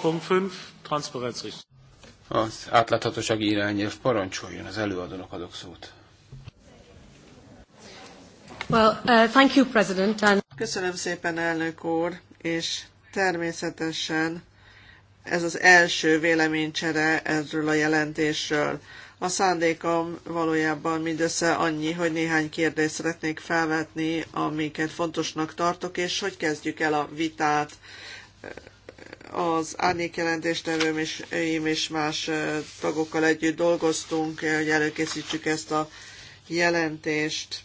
Punkt 5, Transparenzrichtlinie. Az átláthatósági irányelv parancsoljon, az előadónak adok szót. Well, uh, thank you, President. And... Köszönöm szépen, elnök úr, és természetesen ez az első véleménycsere erről a jelentésről. A szándékom valójában mindössze annyi, hogy néhány kérdést szeretnék felvetni, amiket fontosnak tartok, és hogy kezdjük el a vitát az árnyék jelentéstevőm és én és más tagokkal együtt dolgoztunk, eh, hogy előkészítsük ezt a jelentést.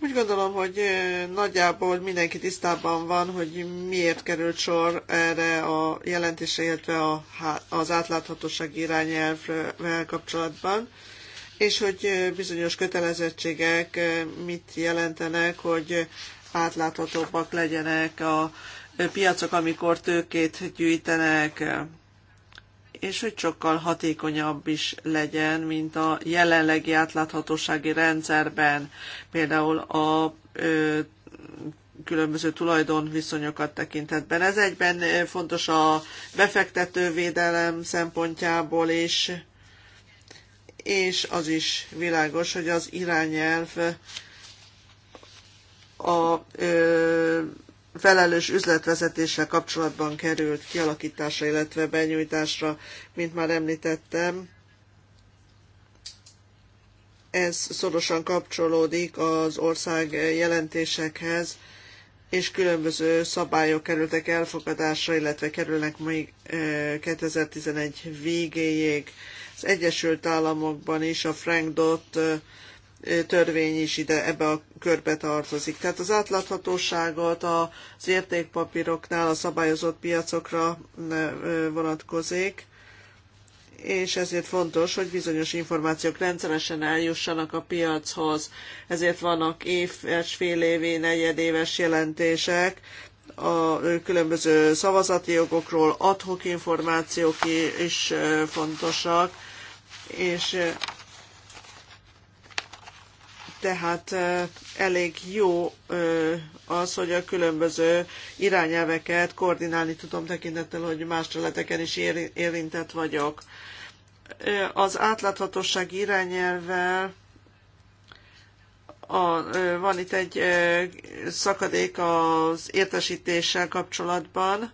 Úgy gondolom, hogy nagyjából mindenki tisztában van, hogy miért került sor erre a jelentésre, illetve a, az átláthatóság irányelvvel kapcsolatban, és hogy bizonyos kötelezettségek mit jelentenek, hogy átláthatóbbak legyenek a piacok, amikor tőkét gyűjtenek, és hogy sokkal hatékonyabb is legyen, mint a jelenlegi átláthatósági rendszerben, például a ö, különböző tulajdonviszonyokat tekintetben. Ez egyben fontos a befektetővédelem szempontjából is, és az is világos, hogy az irányelv a ö, felelős üzletvezetéssel kapcsolatban került kialakításra, illetve benyújtásra, mint már említettem. Ez szorosan kapcsolódik az ország jelentésekhez, és különböző szabályok kerültek elfogadásra, illetve kerülnek még 2011 végéig. Az Egyesült Államokban is a Frank Dott törvény is ide ebbe a körbe tartozik. Tehát az átláthatóságot az értékpapíroknál a szabályozott piacokra vonatkozik, és ezért fontos, hogy bizonyos információk rendszeresen eljussanak a piachoz. Ezért vannak éves, fél évi, negyedéves jelentések, a különböző szavazati jogokról adhok információk is fontosak, és tehát elég jó az, hogy a különböző irányelveket koordinálni tudom tekintettel, hogy más területeken is érintett vagyok. Az átláthatóság irányelvvel a, van itt egy szakadék az értesítéssel kapcsolatban,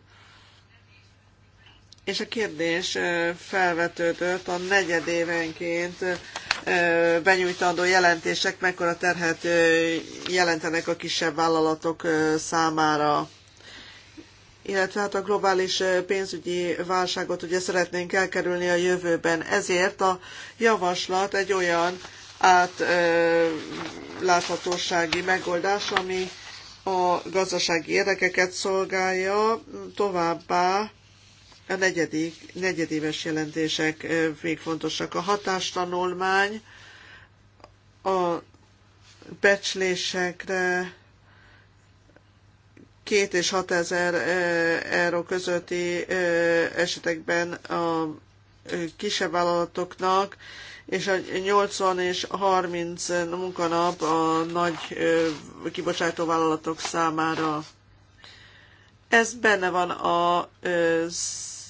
és a kérdés felvetődött a negyedévenként benyújtandó jelentések mekkora terhet jelentenek a kisebb vállalatok számára illetve hát a globális pénzügyi válságot ugye szeretnénk elkerülni a jövőben. Ezért a javaslat egy olyan átláthatósági megoldás, ami a gazdasági érdekeket szolgálja, továbbá a negyedik, negyedéves jelentések még fontosak. A hatástanulmány, a becslésekre, két és hat ezer euró közötti esetekben a kisebb vállalatoknak, és a 80 és 30 munkanap a nagy kibocsátó vállalatok számára. Ez benne van a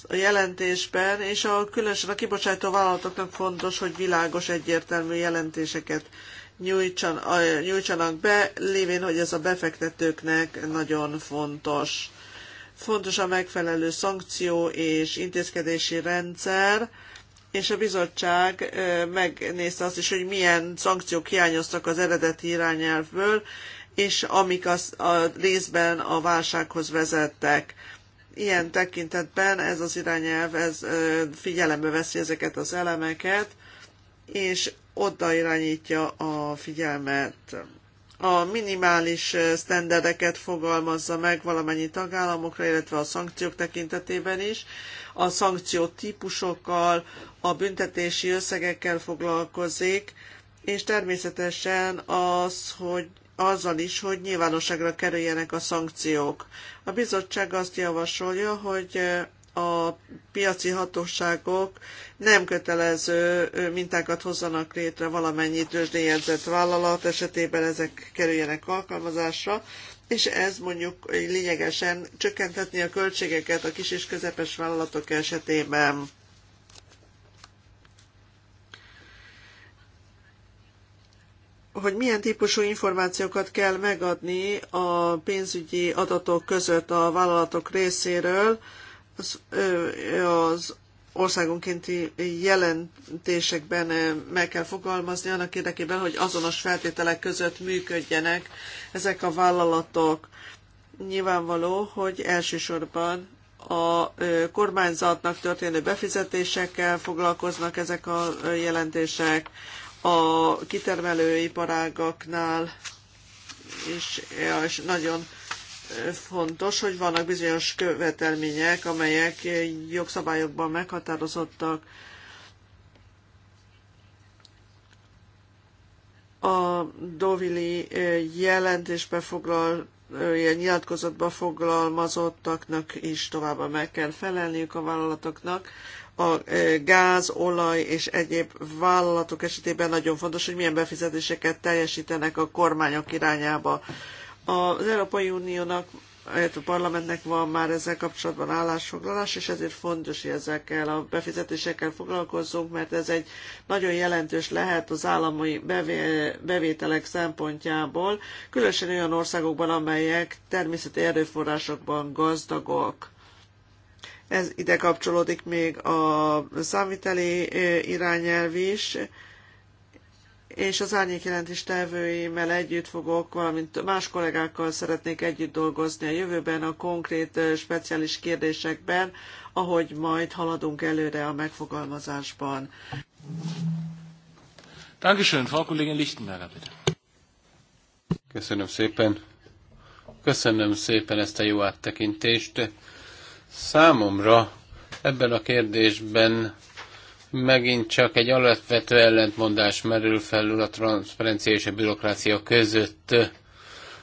a jelentésben, és a, különösen a kibocsátó vállalatoknak fontos, hogy világos, egyértelmű jelentéseket nyújtsan, nyújtsanak be, lévén, hogy ez a befektetőknek nagyon fontos. Fontos a megfelelő szankció és intézkedési rendszer, és a bizottság megnézte azt is, hogy milyen szankciók hiányoztak az eredeti irányelvből, és amik az, a részben a válsághoz vezettek ilyen tekintetben ez az irányelv ez figyelembe veszi ezeket az elemeket, és oda irányítja a figyelmet. A minimális sztenderdeket fogalmazza meg valamennyi tagállamokra, illetve a szankciók tekintetében is. A szankció típusokkal, a büntetési összegekkel foglalkozik, és természetesen az, hogy azzal is, hogy nyilvánosságra kerüljenek a szankciók. A bizottság azt javasolja, hogy a piaci hatóságok nem kötelező mintákat hozzanak létre valamennyi tőzsdéjegyzett vállalat esetében ezek kerüljenek alkalmazásra, és ez mondjuk lényegesen csökkentetni a költségeket a kis és közepes vállalatok esetében. hogy milyen típusú információkat kell megadni a pénzügyi adatok között a vállalatok részéről az, az országonkénti jelentésekben meg kell fogalmazni annak érdekében, hogy azonos feltételek között működjenek ezek a vállalatok. Nyilvánvaló, hogy elsősorban a kormányzatnak történő befizetésekkel foglalkoznak ezek a jelentések, a kitermelőiparágaknál is, és nagyon fontos, hogy vannak bizonyos követelmények, amelyek jogszabályokban meghatározottak. A Dovili jelentésbe foglal, ilyen nyilatkozatba foglalmazottaknak is továbbá meg kell felelniük a vállalatoknak, a gáz, olaj és egyéb vállalatok esetében nagyon fontos, hogy milyen befizetéseket teljesítenek a kormányok irányába. Az Európai Uniónak a parlamentnek van már ezzel kapcsolatban állásfoglalás, és ezért fontos, hogy ezekkel a befizetésekkel foglalkozzunk, mert ez egy nagyon jelentős lehet az állami bevételek szempontjából, különösen olyan országokban, amelyek természeti erőforrásokban gazdagok. Ez ide kapcsolódik még a számviteli irányelv is, és az árnyékjelentés tevőimmel együtt fogok, valamint más kollégákkal szeretnék együtt dolgozni a jövőben a konkrét speciális kérdésekben, ahogy majd haladunk előre a megfogalmazásban. Dankeschön, Frau Kollegin Lichtenberger, bitte. Köszönöm szépen. Köszönöm szépen ezt a jó áttekintést. Számomra ebben a kérdésben megint csak egy alapvető ellentmondás merül felül a transzparencia és a bürokrácia között.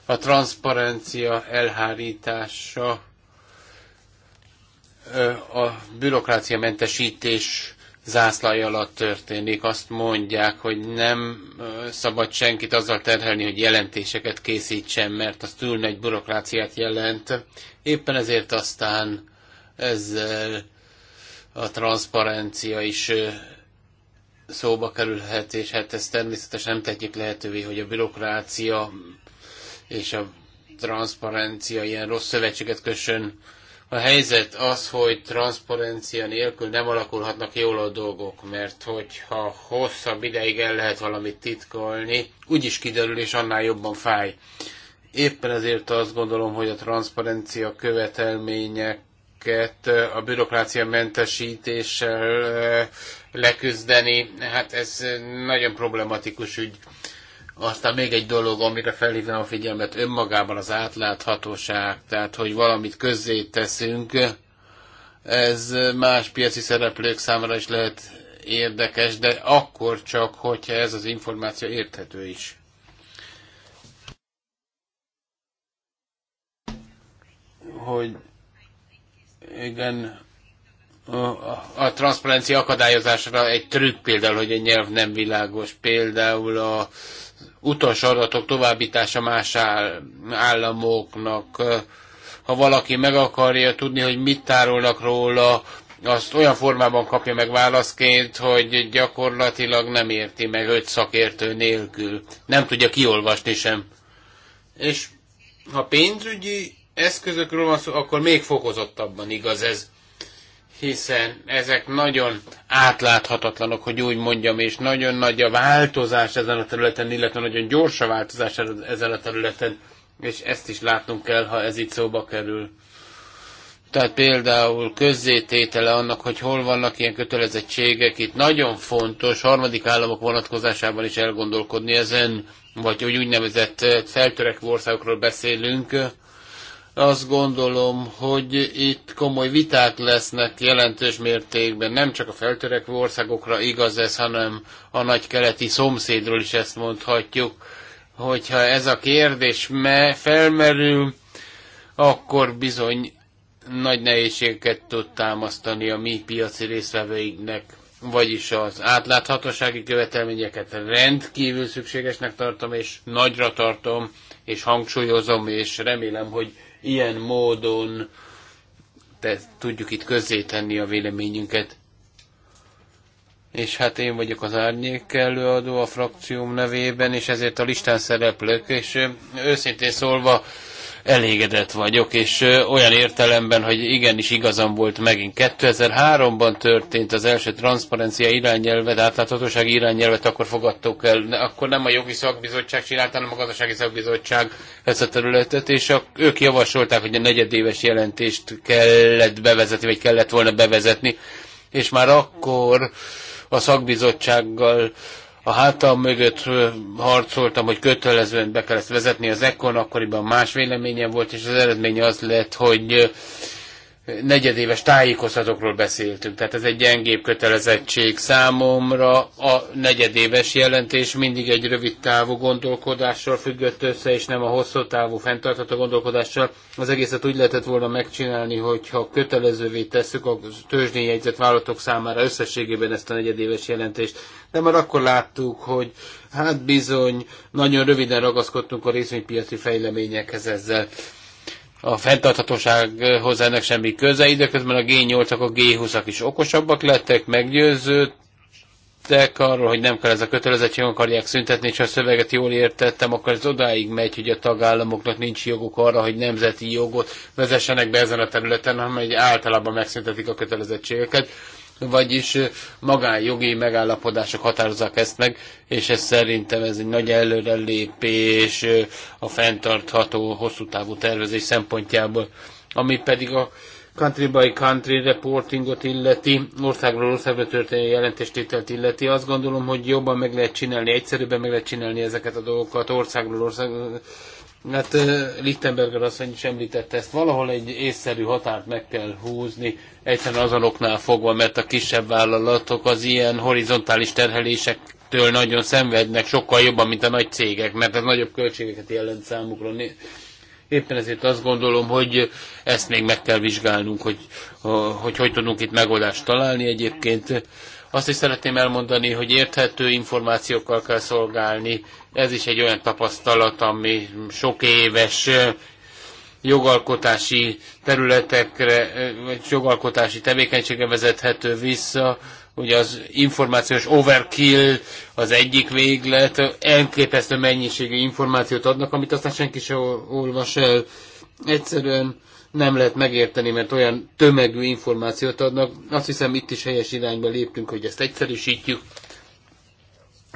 A transzparencia elhárítása, a bürokrácia mentesítés zászlaj alatt történik. Azt mondják, hogy nem szabad senkit azzal terhelni, hogy jelentéseket készítsen, mert az túl nagy bürokráciát jelent. Éppen ezért aztán ezzel a transzparencia is szóba kerülhet, és hát ez természetesen nem tetjük lehetővé, hogy a bürokrácia és a transzparencia ilyen rossz szövetséget kössön. A helyzet az, hogy transzparencia nélkül nem alakulhatnak jól a dolgok, mert hogyha hosszabb ideig el lehet valamit titkolni, úgyis kiderül, és annál jobban fáj. Éppen ezért azt gondolom, hogy a transzparencia követelmények ezeket eh, a bürokrácia mentesítéssel eh, leküzdeni. Hát ez nagyon problematikus ügy. Aztán még egy dolog, amire felhívnám a figyelmet, önmagában az átláthatóság, tehát hogy valamit közzé teszünk, ez más piaci szereplők számára is lehet érdekes, de akkor csak, hogyha ez az információ érthető is. Hogy igen, a transzparencia akadályozásra egy trükk például, hogy egy nyelv nem világos, például a utolsó adatok továbbítása más államoknak, ha valaki meg akarja tudni, hogy mit tárolnak róla, azt olyan formában kapja meg válaszként, hogy gyakorlatilag nem érti meg öt szakértő nélkül. Nem tudja kiolvasni sem. És ha pénzügyi eszközökről van szó, akkor még fokozottabban igaz ez, hiszen ezek nagyon átláthatatlanok, hogy úgy mondjam, és nagyon nagy a változás ezen a területen, illetve nagyon gyors a változás ezen a területen, és ezt is látnunk kell, ha ez itt szóba kerül. Tehát például közzététele annak, hogy hol vannak ilyen kötelezettségek, itt nagyon fontos harmadik államok vonatkozásában is elgondolkodni ezen, vagy hogy úgynevezett feltörekvő országokról beszélünk, azt gondolom, hogy itt komoly viták lesznek jelentős mértékben, nem csak a feltörekvő országokra igaz ez, hanem a nagy keleti szomszédról is ezt mondhatjuk, hogyha ez a kérdés me felmerül, akkor bizony nagy nehézségeket tud támasztani a mi piaci részvevőinknek, vagyis az átláthatósági követelményeket rendkívül szükségesnek tartom, és nagyra tartom, és hangsúlyozom, és remélem, hogy ilyen módon te, tudjuk itt közzétenni a véleményünket. És hát én vagyok az árnyék előadó a frakcióm nevében, és ezért a listán szereplök, és őszintén szólva elégedett vagyok, és olyan értelemben, hogy igenis igazam volt megint. 2003-ban történt az első transzparencia irányelvet, átláthatóság irányelvet, akkor fogadtuk el, akkor nem a jogi szakbizottság csinálta, hanem a gazdasági szakbizottság ezt a területet, és a, ők javasolták, hogy a negyedéves jelentést kellett bevezetni, vagy kellett volna bevezetni, és már akkor a szakbizottsággal a hátam mögött harcoltam, hogy kötelezően be kell ezt vezetni az ekkor akkoriban más véleményem volt, és az eredmény az lett, hogy negyedéves tájékoztatókról beszéltünk, tehát ez egy gyengébb kötelezettség számomra. A negyedéves jelentés mindig egy rövid távú gondolkodással függött össze, és nem a hosszú távú fenntartható gondolkodással. Az egészet úgy lehetett volna megcsinálni, hogyha kötelezővé tesszük a tőzsdén jegyzett vállalatok számára összességében ezt a negyedéves jelentést. De már akkor láttuk, hogy hát bizony, nagyon röviden ragaszkodtunk a részvénypiaci fejleményekhez ezzel a fenntarthatósághoz ennek semmi köze, időközben a G8-ak, a G20-ak is okosabbak lettek, meggyőződtek arról, hogy nem kell ez a kötelezettség, akarják szüntetni, és ha a szöveget jól értettem, akkor ez odáig megy, hogy a tagállamoknak nincs joguk arra, hogy nemzeti jogot vezessenek be ezen a területen, hanem egy általában megszüntetik a kötelezettségeket vagyis magánjogi megállapodások határozzák ezt meg, és ez szerintem ez egy nagy előrelépés a fenntartható hosszú távú tervezés szempontjából, ami pedig a country by country reportingot illeti, országról országra történő jelentéstételt illeti. Azt gondolom, hogy jobban meg lehet csinálni, egyszerűbben meg lehet csinálni ezeket a dolgokat országról országra Hát Lichtenberger asszony is említette ezt, valahol egy észszerű határt meg kell húzni, egyszerűen azonoknál fogva, mert a kisebb vállalatok az ilyen horizontális terhelésektől nagyon szenvednek, sokkal jobban, mint a nagy cégek, mert ez nagyobb költségeket jelent számukra. Éppen ezért azt gondolom, hogy ezt még meg kell vizsgálnunk, hogy hogy, hogy tudunk itt megoldást találni egyébként. Azt is szeretném elmondani, hogy érthető információkkal kell szolgálni, ez is egy olyan tapasztalat, ami sok éves jogalkotási területekre, vagy jogalkotási tevékenységre vezethető vissza. Ugye az információs overkill az egyik véglet, elképesztő mennyiségű információt adnak, amit aztán senki se olvas el. Egyszerűen nem lehet megérteni, mert olyan tömegű információt adnak. Azt hiszem itt is helyes irányba léptünk, hogy ezt egyszerűsítjük,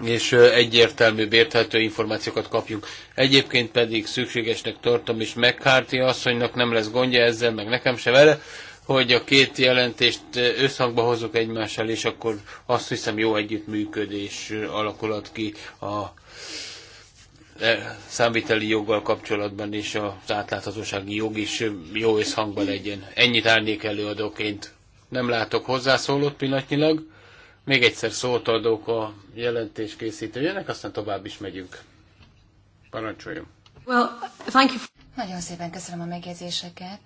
és egyértelmű, érthető információkat kapjunk. Egyébként pedig szükségesnek tartom, és McCarthy asszonynak nem lesz gondja ezzel, meg nekem se vele, hogy a két jelentést összhangba hozok egymással, és akkor azt hiszem jó együttműködés alakulat ki a e, számviteli joggal kapcsolatban, és az átláthatósági jog is jó összhangban legyen. Ennyit árnyék előadóként. Nem látok hozzászólót pillanatnyilag. Még egyszer szót adok a jelentés készítőjének, aztán tovább is megyünk. Parancsoljon. Well, thank you. Nagyon szépen köszönöm a megjegyzéseket.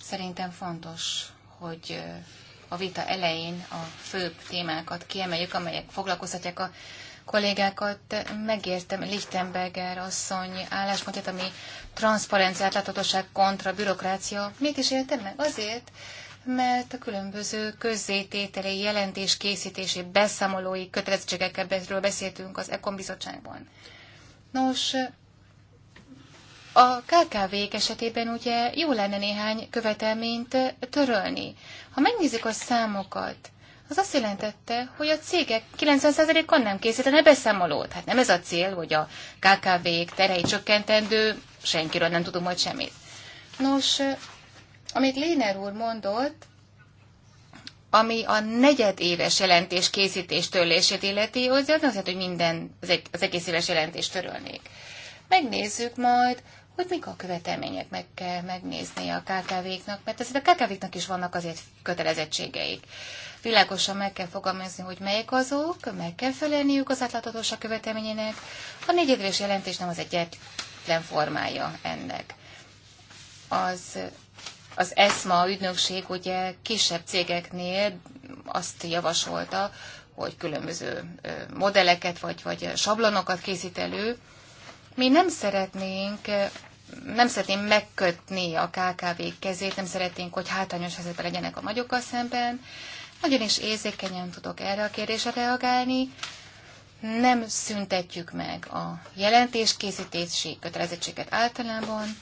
Szerintem fontos, hogy a vita elején a főbb témákat kiemeljük, amelyek foglalkoztatják a kollégákat. Megértem Lichtenberger asszony álláspontját, ami transzparencia, átláthatóság kontra bürokrácia. Mit is értem meg? Azért, mert a különböző közzétételi jelentés készítési beszámolói kötelezettségekről beszéltünk az EKON bizottságban. Nos, a kkv esetében ugye jó lenne néhány követelményt törölni. Ha megnézzük a számokat, az azt jelentette, hogy a cégek 90 on nem készítene beszámolót. Hát nem ez a cél, hogy a KKV-k terei csökkentendő, senkiről nem tudom, majd semmit. Nos, amit Léner úr mondott, ami a negyedéves jelentés készítés törlését illeti, az nem azért, hogy minden az egész éves jelentést törölnék. Megnézzük majd, hogy mik a követelmények, meg kell megnézni a KKV-knak, mert azért a KKV-knak is vannak azért kötelezettségeik. Világosan meg kell fogalmazni, hogy melyek azok, meg kell felelniük az átláthatóság követelményének. A negyedéves jelentés nem az egyetlen formája ennek. Az az ESMA ügynökség ugye kisebb cégeknél azt javasolta, hogy különböző modelleket vagy, vagy sablonokat készít elő. Mi nem szeretnénk nem szeretném megkötni a KKV kezét, nem szeretnénk, hogy hátrányos helyzetben legyenek a nagyokkal szemben. Nagyon is érzékenyen tudok erre a kérdésre reagálni. Nem szüntetjük meg a jelentéskészítési kötelezettséget általában,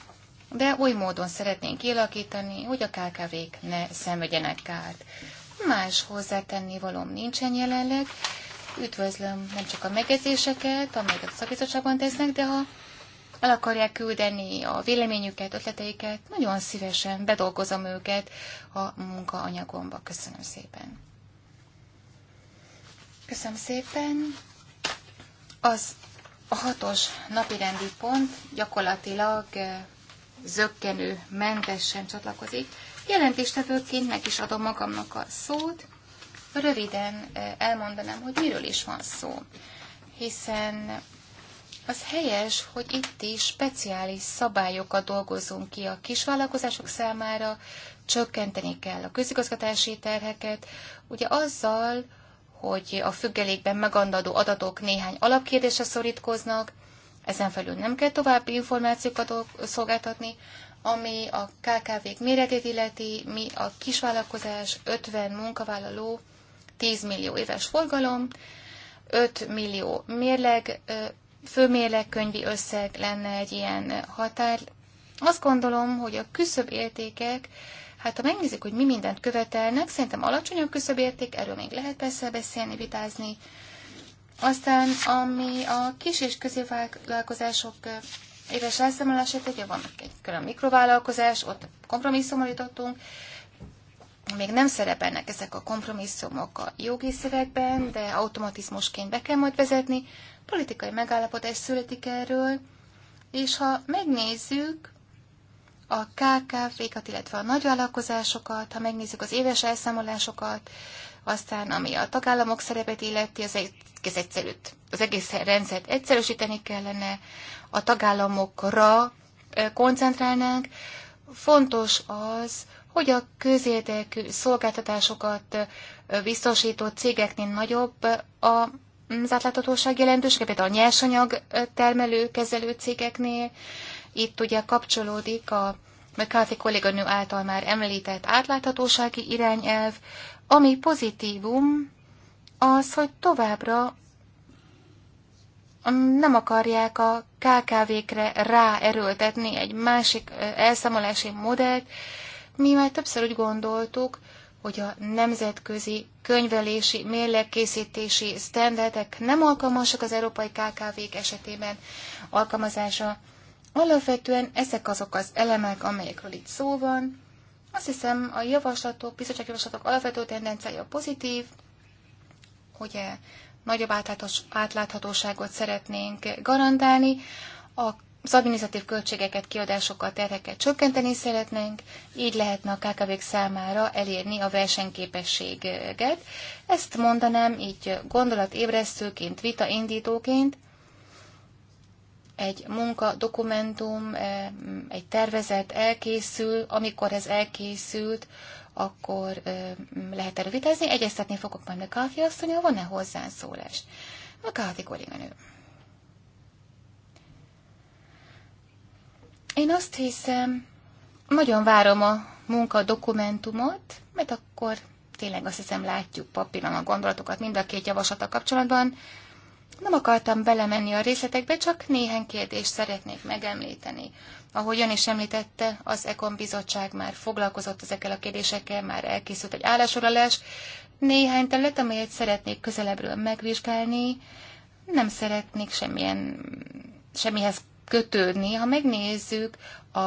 de oly módon szeretnénk kialakítani, hogy a kkv ne szenvedjenek kárt. Más hozzátenni valóm nincsen jelenleg. Üdvözlöm nem csak a megjegyzéseket, amelyeket a szakbizottságban tesznek, de ha el akarják küldeni a véleményüket, ötleteiket, nagyon szívesen bedolgozom őket a munkaanyagomba. Köszönöm szépen. Köszönöm szépen. Az a hatos napirendi pont gyakorlatilag zöggenő mentesen csatlakozik. Jelentéstevőként meg is adom magamnak a szót. Röviden eh, elmondanám, hogy miről is van szó, hiszen az helyes, hogy itt is speciális szabályokat dolgozunk ki a kisvállalkozások számára, csökkenteni kell a közigazgatási terheket, ugye azzal, hogy a függelékben megandadó adatok néhány alapkérdésre szorítkoznak, ezen felül nem kell további információkat szolgáltatni, ami a KKV-k méretét illeti, mi a kisvállalkozás, 50 munkavállaló, 10 millió éves forgalom, 5 millió mérleg, főmérlegkönyvi összeg lenne egy ilyen határ. Azt gondolom, hogy a küszöb értékek, hát ha megnézzük, hogy mi mindent követelnek, szerintem alacsonyabb küszöb érték, erről még lehet persze beszélni, vitázni, aztán, ami a kis és középvállalkozások eh, éves elszámolását, ugye van egy külön mikrovállalkozás, ott kompromisszumot jutottunk, még nem szerepelnek ezek a kompromisszumok a jogi szövegben, de automatizmusként be kell majd vezetni, politikai megállapodás születik erről, és ha megnézzük a KKV-kat, illetve a nagyvállalkozásokat, ha megnézzük az éves elszámolásokat, aztán, ami a tagállamok szerepet illeti, az egész egyszerűt, az egész rendszert egyszerűsíteni kellene, a tagállamokra koncentrálnánk. Fontos az, hogy a közérdekű szolgáltatásokat biztosító cégeknél nagyobb a az átláthatóság jelentősége, például a nyersanyag termelő, kezelő cégeknél. Itt ugye kapcsolódik a McCarthy kolléganő által már említett átláthatósági irányelv, ami pozitívum, az, hogy továbbra nem akarják a KKV-kre ráerőltetni egy másik elszámolási modellt. Mi már többször úgy gondoltuk, hogy a nemzetközi könyvelési, mérlegkészítési sztenderdek nem alkalmasak az európai KKV-k esetében alkalmazása. Alapvetően ezek azok az elemek, amelyekről itt szó van, azt hiszem, a javaslatok, bizottság javaslatok alapvető tendenciája pozitív, ugye nagyobb átláthatóságot szeretnénk garantálni, a az adminisztratív költségeket, kiadásokat, terheket csökkenteni szeretnénk, így lehetne a kkv számára elérni a versenyképességet. Ezt mondanám így gondolatébresztőként, vitaindítóként, egy munka dokumentum, eh, egy tervezet elkészül, amikor ez elkészült, akkor eh, lehet erről vitázni. Egyeztetni fogok majd McCarthy asszonya, van-e hozzászólás? McCarthy kolléganő. Én azt hiszem, nagyon várom a munkadokumentumot, mert akkor tényleg azt hiszem látjuk papíron a gondolatokat mind a két javaslata kapcsolatban. Nem akartam belemenni a részletekbe, csak néhány kérdést szeretnék megemlíteni. Ahogy ön is említette, az Ekon Bizottság már foglalkozott ezekkel a kérdésekkel, már elkészült egy állásorolás. Néhány terület, amelyet szeretnék közelebbről megvizsgálni, nem szeretnék semmilyen, semmihez kötődni. Ha megnézzük a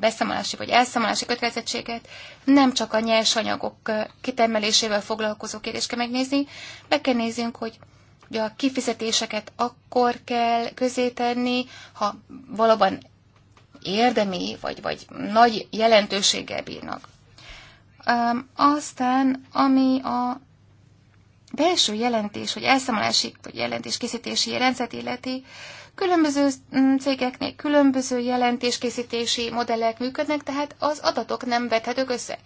beszámolási vagy elszámolási kötelezettséget, nem csak a nyersanyagok kitermelésével foglalkozó kérdést kell megnézni, be kell néznünk, hogy Ugye a kifizetéseket akkor kell közétenni, ha valóban érdemi vagy, vagy nagy jelentőséggel bírnak. Um, aztán, ami a belső jelentés, vagy elszámolási, vagy jelentés készítési rendszert illeti, különböző cégeknél különböző jelentéskészítési modellek működnek, tehát az adatok nem vethetők össze.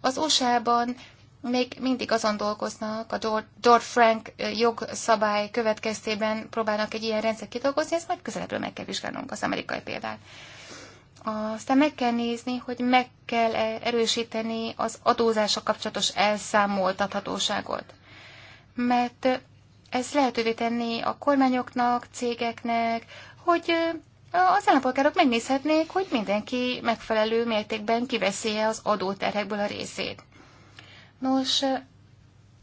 Az USA-ban még mindig azon dolgoznak, a Dodd-Frank jogszabály következtében próbálnak egy ilyen rendszert kidolgozni, ezt majd közelebbről meg kell vizsgálnunk az amerikai példát. Aztán meg kell nézni, hogy meg kell -e erősíteni az adózása kapcsolatos elszámoltathatóságot. Mert ez lehetővé tenni a kormányoknak, cégeknek, hogy az állampolgárok megnézhetnék, hogy mindenki megfelelő mértékben kiveszélye az adóterhekből a részét. Nos,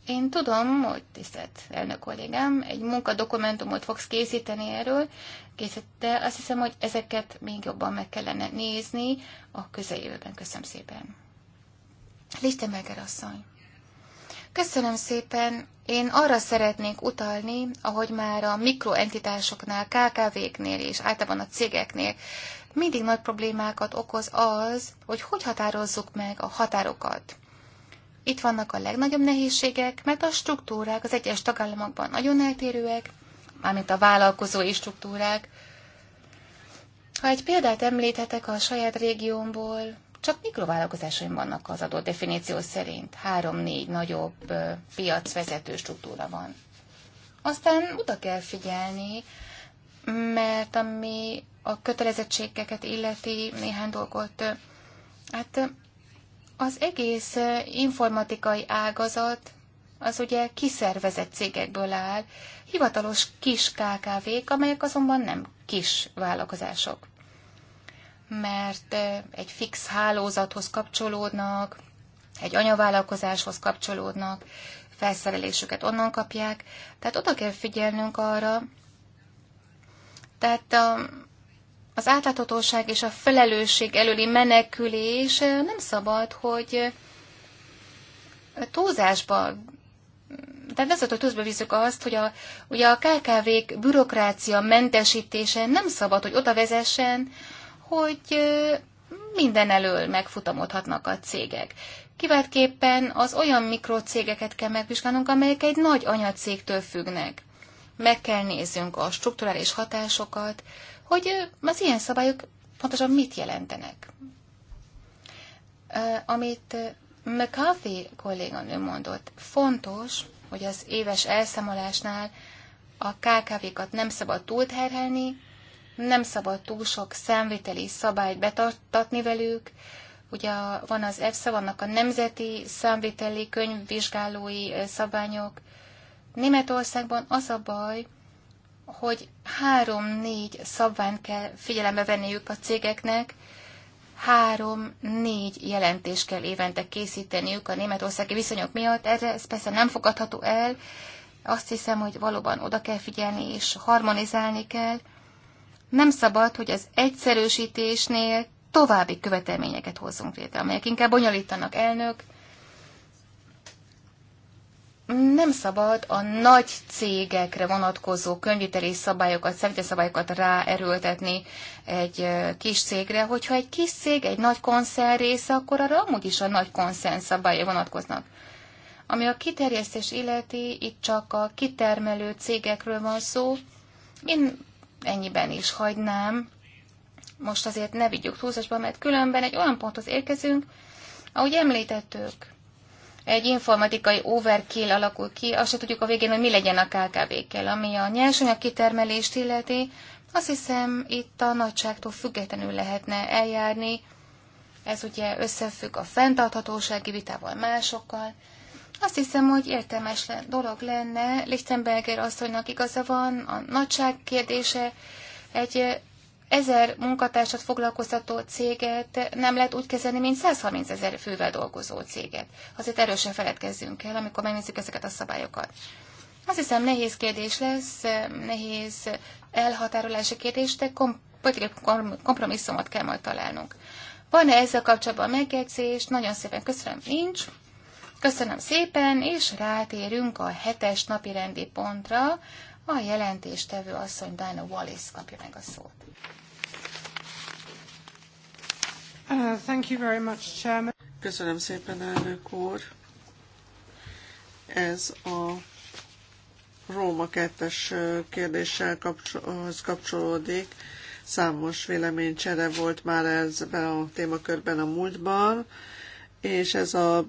én tudom, hogy tisztelt elnök kollégám, egy munkadokumentumot fogsz készíteni erről, de azt hiszem, hogy ezeket még jobban meg kellene nézni a közeljövőben. Köszönöm szépen. Lichtenberger asszony. Köszönöm szépen. Én arra szeretnék utalni, ahogy már a mikroentitásoknál, KKV-knél és általában a cégeknél mindig nagy problémákat okoz az, hogy hogy határozzuk meg a határokat itt vannak a legnagyobb nehézségek, mert a struktúrák az egyes tagállamokban nagyon eltérőek, mármint a vállalkozói struktúrák. Ha egy példát említhetek a saját régiómból, csak mikrovállalkozásaim vannak az adott definíció szerint. Három-négy nagyobb piacvezető struktúra van. Aztán oda kell figyelni, mert ami a kötelezettségeket illeti néhány dolgot, hát az egész informatikai ágazat az ugye kiszervezett cégekből áll, hivatalos kis KKV-k, amelyek azonban nem kis vállalkozások. Mert egy fix hálózathoz kapcsolódnak, egy anyavállalkozáshoz kapcsolódnak, felszerelésüket onnan kapják, tehát oda kell figyelnünk arra, tehát a, az átláthatóság és a felelősség előli menekülés nem szabad, hogy túlzásba, tehát vezető szabad, hogy túlzba viszük azt, hogy a, ugye a KKV-k bürokrácia mentesítése nem szabad, hogy oda vezessen, hogy minden elől megfutamodhatnak a cégek. Kiváltképpen az olyan mikrocégeket kell megvizsgálnunk, amelyek egy nagy anyacégtől függnek. Meg kell nézzünk a strukturális hatásokat, hogy az ilyen szabályok pontosan mit jelentenek. Amit McCarthy kolléganő mondott, fontos, hogy az éves elszámolásnál a KKV-kat nem szabad túlterhelni, nem szabad túl sok számviteli szabályt betartatni velük. Ugye van az EFSA, vannak a nemzeti számviteli könyvvizsgálói szabályok. Németországban az a baj, hogy három-négy szabványt kell figyelembe venniük a cégeknek, három-négy jelentés kell évente készíteniük a németországi viszonyok miatt. Erre ez persze nem fogadható el. Azt hiszem, hogy valóban oda kell figyelni és harmonizálni kell. Nem szabad, hogy az egyszerűsítésnél további követelményeket hozzunk létre, amelyek inkább bonyolítanak elnök nem szabad a nagy cégekre vonatkozó könyviteli szabályokat, szabályokat ráerőltetni egy kis cégre, hogyha egy kis cég egy nagy konszern része, akkor arra amúgy is a nagy konszern szabályai vonatkoznak. Ami a kiterjesztés illeti, itt csak a kitermelő cégekről van szó. Én ennyiben is hagynám. Most azért ne vigyük túlzásba, mert különben egy olyan ponthoz érkezünk, ahogy említettük, egy informatikai overkill alakul ki, azt se tudjuk a végén, hogy mi legyen a KKV-kkel, ami a nyersanyag kitermelést illeti. Azt hiszem, itt a nagyságtól függetlenül lehetne eljárni. Ez ugye összefügg a fenntarthatósági vitával másokkal. Azt hiszem, hogy értelmes dolog lenne Lichtenberger asszonynak igaza van, a nagyság kérdése egy ezer munkatársat foglalkoztató céget nem lehet úgy kezelni, mint 130 ezer fővel dolgozó céget. Azért erősen feledkezzünk el, amikor megnézzük ezeket a szabályokat. Azt hiszem nehéz kérdés lesz, nehéz elhatárolási kérdés, de kompromisszumot kell majd találnunk. Van-e ezzel kapcsolatban megjegyzés? Nagyon szépen köszönöm, nincs. Köszönöm szépen, és rátérünk a hetes napi rendi pontra, a jelentéstevő asszony Diana Wallace kapja meg a szót. Uh, thank you very much, Chairman. Köszönöm szépen, elnök úr. Ez a Róma 2-es kérdéssel kapcsolódik. Számos véleménycsere volt már be a témakörben a múltban és ez a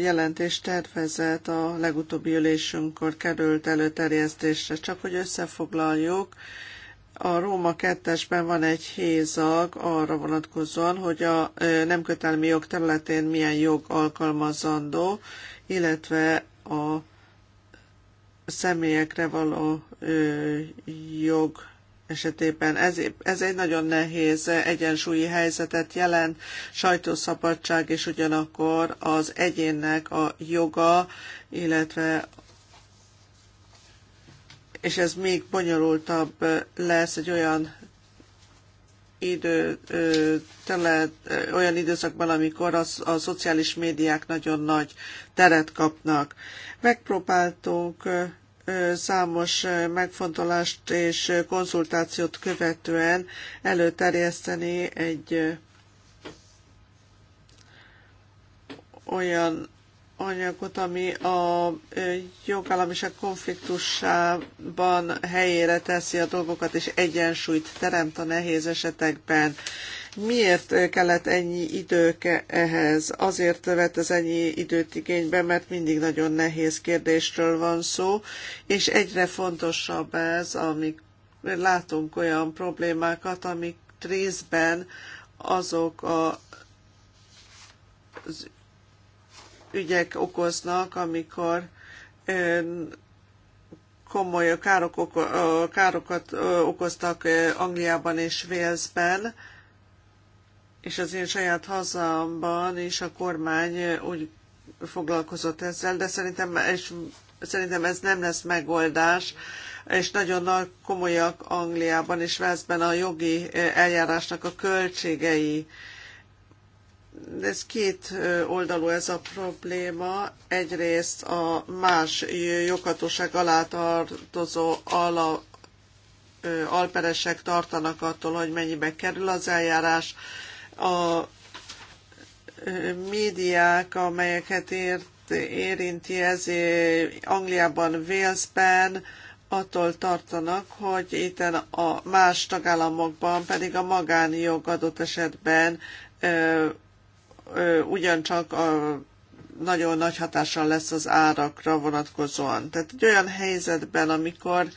jelentés tervezet a legutóbbi ülésünkkor került előterjesztésre. Csak hogy összefoglaljuk, a Róma 2-esben van egy hézag arra vonatkozóan, hogy a nem kötelmi jog területén milyen jog alkalmazandó, illetve a személyekre való jog esetében. Ez, ez egy nagyon nehéz egyensúlyi helyzetet jelent, sajtószabadság és ugyanakkor az egyénnek a joga, illetve és ez még bonyolultabb lesz egy olyan idő, tele, olyan időszakban, amikor a, a szociális médiák nagyon nagy teret kapnak. Megpróbáltunk számos megfontolást és konzultációt követően előterjeszteni egy olyan anyagot, ami a jogállamiság konfliktusában helyére teszi a dolgokat, és egyensúlyt teremt a nehéz esetekben. Miért kellett ennyi idő ehhez? Azért vett ez ennyi időt igénybe, mert mindig nagyon nehéz kérdésről van szó, és egyre fontosabb ez, amik látunk olyan problémákat, amik részben azok a, az ügyek okoznak, amikor komoly károk, károkat okoztak Angliában és Walesben, és az én saját hazámban is a kormány úgy foglalkozott ezzel, de szerintem, és szerintem ez nem lesz megoldás, és nagyon nagy komolyak Angliában és Veszben a jogi eh, eljárásnak a költségei. Ez két eh, oldalú ez a probléma. Egyrészt a más eh, joghatóság alá tartozó ala, alperesek tartanak attól, hogy mennyibe kerül az eljárás, a médiák, amelyeket ért, érinti ez Angliában, Walesben, attól tartanak, hogy itt a más tagállamokban pedig a magánjog adott esetben ö, ö, ugyancsak a nagyon nagy hatással lesz az árakra vonatkozóan. Tehát egy olyan helyzetben, amikor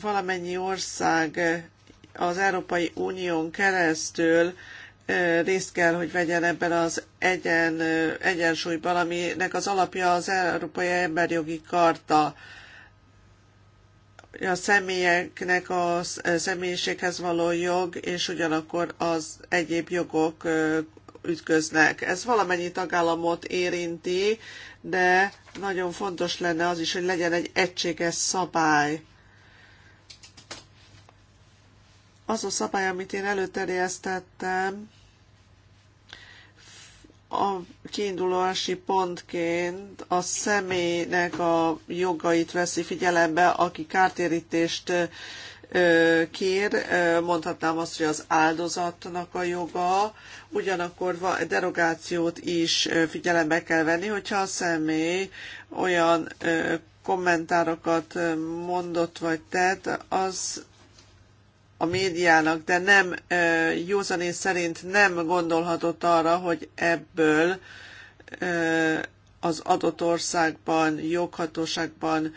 valamennyi ország az Európai Unión keresztül részt kell, hogy vegyen ebben az egyen, egyensúlyban, aminek az alapja az Európai Emberjogi Karta. A személyeknek a személyiséghez való jog, és ugyanakkor az egyéb jogok ütköznek. Ez valamennyi tagállamot érinti, de nagyon fontos lenne az is, hogy legyen egy egységes szabály az a szabály, amit én előterjesztettem, a kiindulási pontként a személynek a jogait veszi figyelembe, aki kártérítést kér, mondhatnám azt, hogy az áldozatnak a joga, ugyanakkor derogációt is figyelembe kell venni, hogyha a személy olyan kommentárokat mondott vagy tett, az a médiának, de nem Józani szerint nem gondolhatott arra, hogy ebből az adott országban, joghatóságban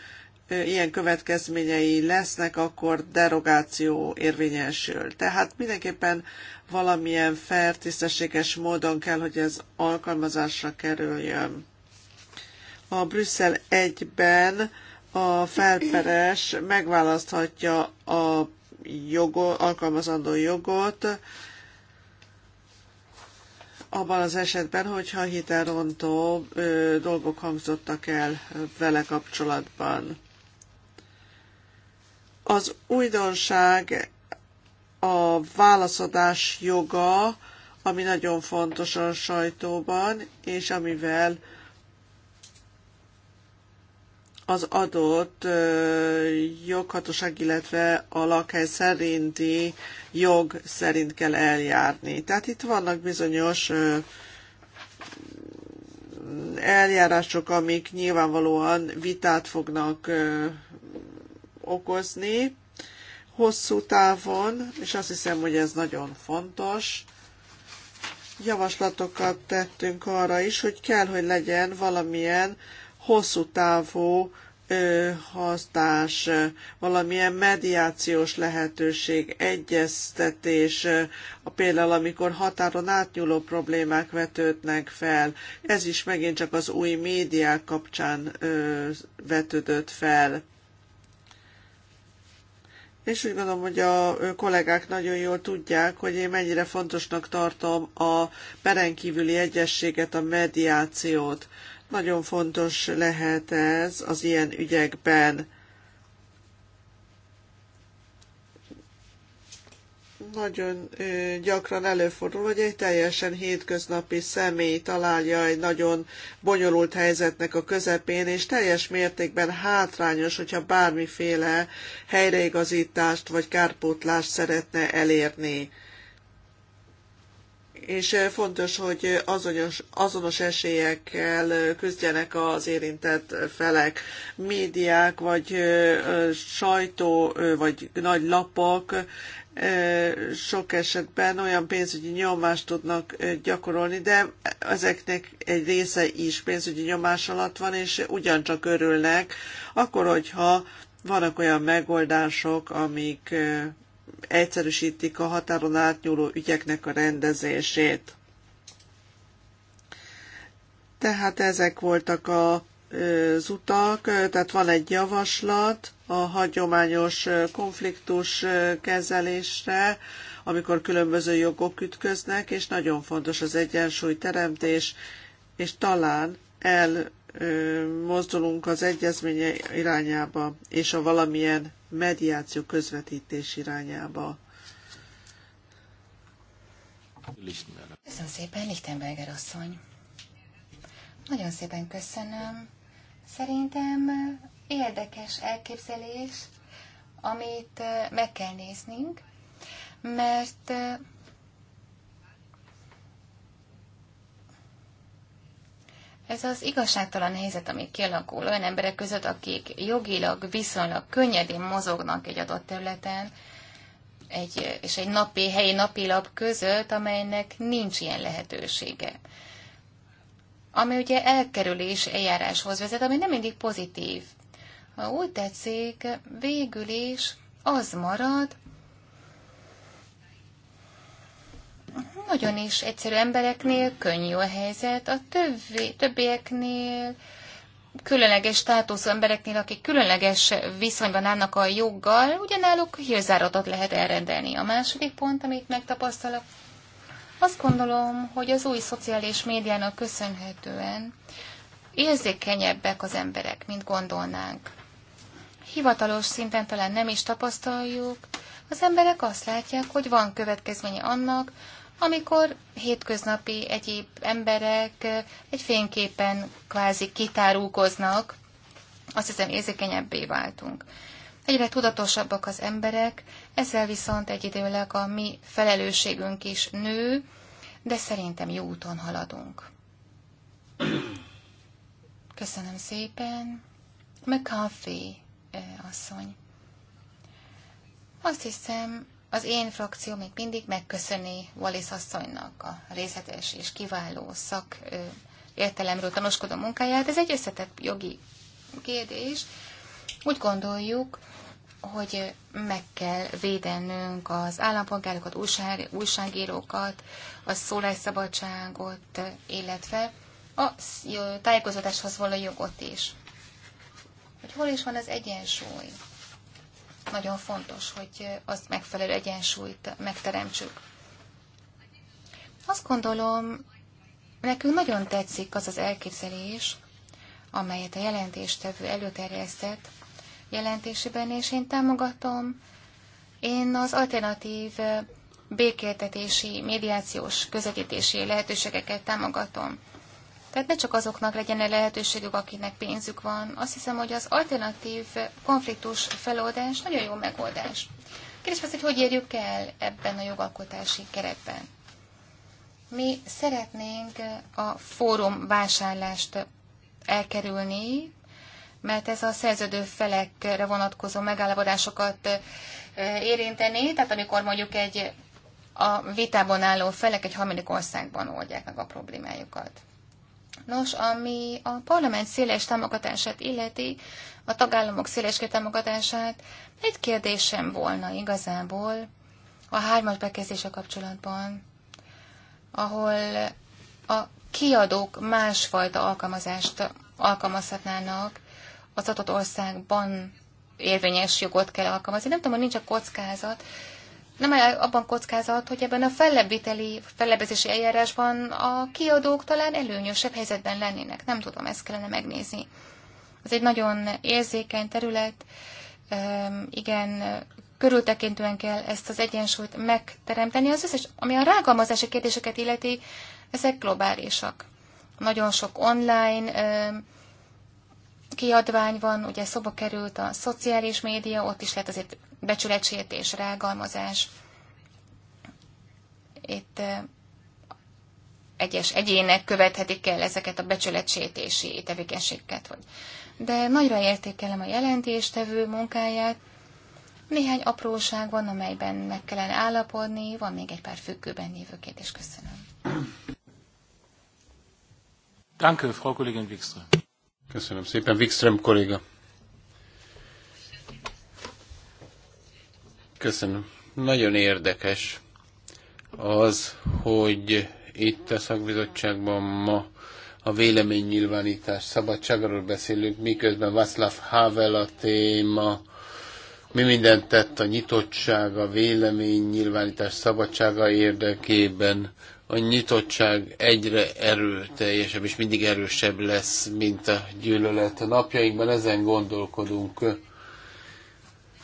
ilyen következményei lesznek, akkor derogáció érvényesül. Tehát mindenképpen valamilyen fair, tisztességes módon kell, hogy ez alkalmazásra kerüljön. A Brüsszel egyben a felperes megválaszthatja a jogot alkalmazandó jogot, abban az esetben, hogyha hitelrontó ö, dolgok hangzottak el vele kapcsolatban. Az újdonság a válaszadás joga, ami nagyon fontos a sajtóban, és amivel az adott joghatóság, illetve a lakhely szerinti jog szerint kell eljárni. Tehát itt vannak bizonyos eljárások, amik nyilvánvalóan vitát fognak okozni hosszú távon, és azt hiszem, hogy ez nagyon fontos. Javaslatokat tettünk arra is, hogy kell, hogy legyen valamilyen hosszú távú hatás, valamilyen mediációs lehetőség, egyeztetés, például amikor határon átnyúló problémák vetődnek fel. Ez is megint csak az új médiák kapcsán vetődött fel. És úgy gondolom, hogy a kollégák nagyon jól tudják, hogy én mennyire fontosnak tartom a perenkívüli egyességet, a mediációt. Nagyon fontos lehet ez az ilyen ügyekben. Nagyon gyakran előfordul, hogy egy teljesen hétköznapi személy találja egy nagyon bonyolult helyzetnek a közepén, és teljes mértékben hátrányos, hogyha bármiféle helyreigazítást vagy kárpótlást szeretne elérni és fontos, hogy azonos, azonos esélyekkel küzdjenek az érintett felek, médiák, vagy sajtó, vagy nagy lapok, sok esetben olyan pénzügyi nyomást tudnak gyakorolni, de ezeknek egy része is pénzügyi nyomás alatt van, és ugyancsak örülnek, akkor, hogyha vannak olyan megoldások, amik egyszerűsítik a határon átnyúló ügyeknek a rendezését. Tehát ezek voltak a az utak, tehát van egy javaslat a hagyományos konfliktus kezelésre, amikor különböző jogok ütköznek, és nagyon fontos az egyensúly teremtés, és talán elmozdulunk az egyezménye irányába, és a valamilyen mediáció közvetítés irányába. Köszönöm szépen, Lichtenberger asszony. Nagyon szépen köszönöm. Szerintem érdekes elképzelés, amit eh, meg kell néznünk, mert eh, Ez az igazságtalan helyzet, ami kialakul olyan emberek között, akik jogilag viszonylag könnyedén mozognak egy adott területen, egy, és egy napi, helyi napilap között, amelynek nincs ilyen lehetősége. Ami ugye elkerülés eljáráshoz vezet, ami nem mindig pozitív. Ha úgy tetszik, végül is az marad, Nagyon is egyszerű embereknél könnyű a helyzet, a többi, többieknél, különleges státuszú embereknél, akik különleges viszonyban állnak a joggal, ugyanáluk hírzáratot lehet elrendelni. A második pont, amit megtapasztalok, azt gondolom, hogy az új szociális médiának köszönhetően érzékenyebbek az emberek, mint gondolnánk. Hivatalos szinten talán nem is tapasztaljuk, az emberek azt látják, hogy van következménye annak, amikor hétköznapi egyéb emberek egy fényképen kvázi kitárulkoznak, azt hiszem érzékenyebbé váltunk. Egyre tudatosabbak az emberek, ezzel viszont időleg a mi felelősségünk is nő, de szerintem jó úton haladunk. Köszönöm szépen. McCarthy asszony. Azt hiszem, az én frakció még mindig megköszöni Wallis asszonynak a részletes és kiváló szak értelemről tanúskodó munkáját. Ez egy összetett jogi kérdés. Úgy gondoljuk, hogy meg kell védenünk az állampolgárokat, újságírókat, a szólásszabadságot, illetve a tájékozódáshoz való jogot is. Hogy hol is van az egyensúly? nagyon fontos, hogy azt megfelelő egyensúlyt megteremtsük. Azt gondolom, nekünk nagyon tetszik az az elképzelés, amelyet a jelentéstevő előterjesztett jelentésében, és én támogatom. Én az alternatív eh, békéltetési, médiációs közvetítési lehetőségeket támogatom. Tehát ne csak azoknak legyen -e lehetőségük, akinek pénzük van. Azt hiszem, hogy az alternatív konfliktus feloldás nagyon jó megoldás. Kérdés az, hogy hogy érjük el ebben a jogalkotási keretben. Mi szeretnénk a fórum vásárlást elkerülni, mert ez a szerződő felekre vonatkozó megállapodásokat eh, érinteni, tehát amikor mondjuk egy a vitában álló felek egy harmadik országban oldják meg a problémájukat. Nos, ami a parlament széles támogatását illeti, a tagállamok széles támogatását, egy kérdésem volna igazából a hármas bekezdése kapcsolatban, ahol a kiadók másfajta alkalmazást alkalmazhatnának az adott országban érvényes jogot kell alkalmazni. Nem tudom, hogy nincs a kockázat, nem abban kockázat, hogy ebben a fellebbíteli, fellebezési eljárásban a kiadók talán előnyösebb helyzetben lennének. Nem tudom, ezt kellene megnézni. Ez egy nagyon érzékeny terület, igen, körültekintően kell ezt az egyensúlyt megteremteni. Az összes, ami a rágalmazási kérdéseket illeti, ezek globálisak. Nagyon sok online kiadvány van, ugye szoba került a szociális média, ott is lehet azért becsületsértés, rágalmazás. Itt egyes egyének követhetik el ezeket a becsületsértési tevékenységeket. Vagy. De nagyra értékelem a jelentéstevő munkáját. Néhány apróság van, amelyben meg kellene állapodni, van még egy pár függőben lévő kérdés. Köszönöm. Danke, Frau Kollegin Wikström. Köszönöm szépen, Wikström kolléga. Köszönöm. Nagyon érdekes az, hogy itt a szakbizottságban ma a véleménynyilvánítás szabadságról beszélünk, miközben Václav Havel a téma, mi mindent tett a nyitottság, a véleménynyilvánítás szabadsága érdekében, a nyitottság egyre erőteljesebb és mindig erősebb lesz, mint a gyűlölet. A napjainkban ezen gondolkodunk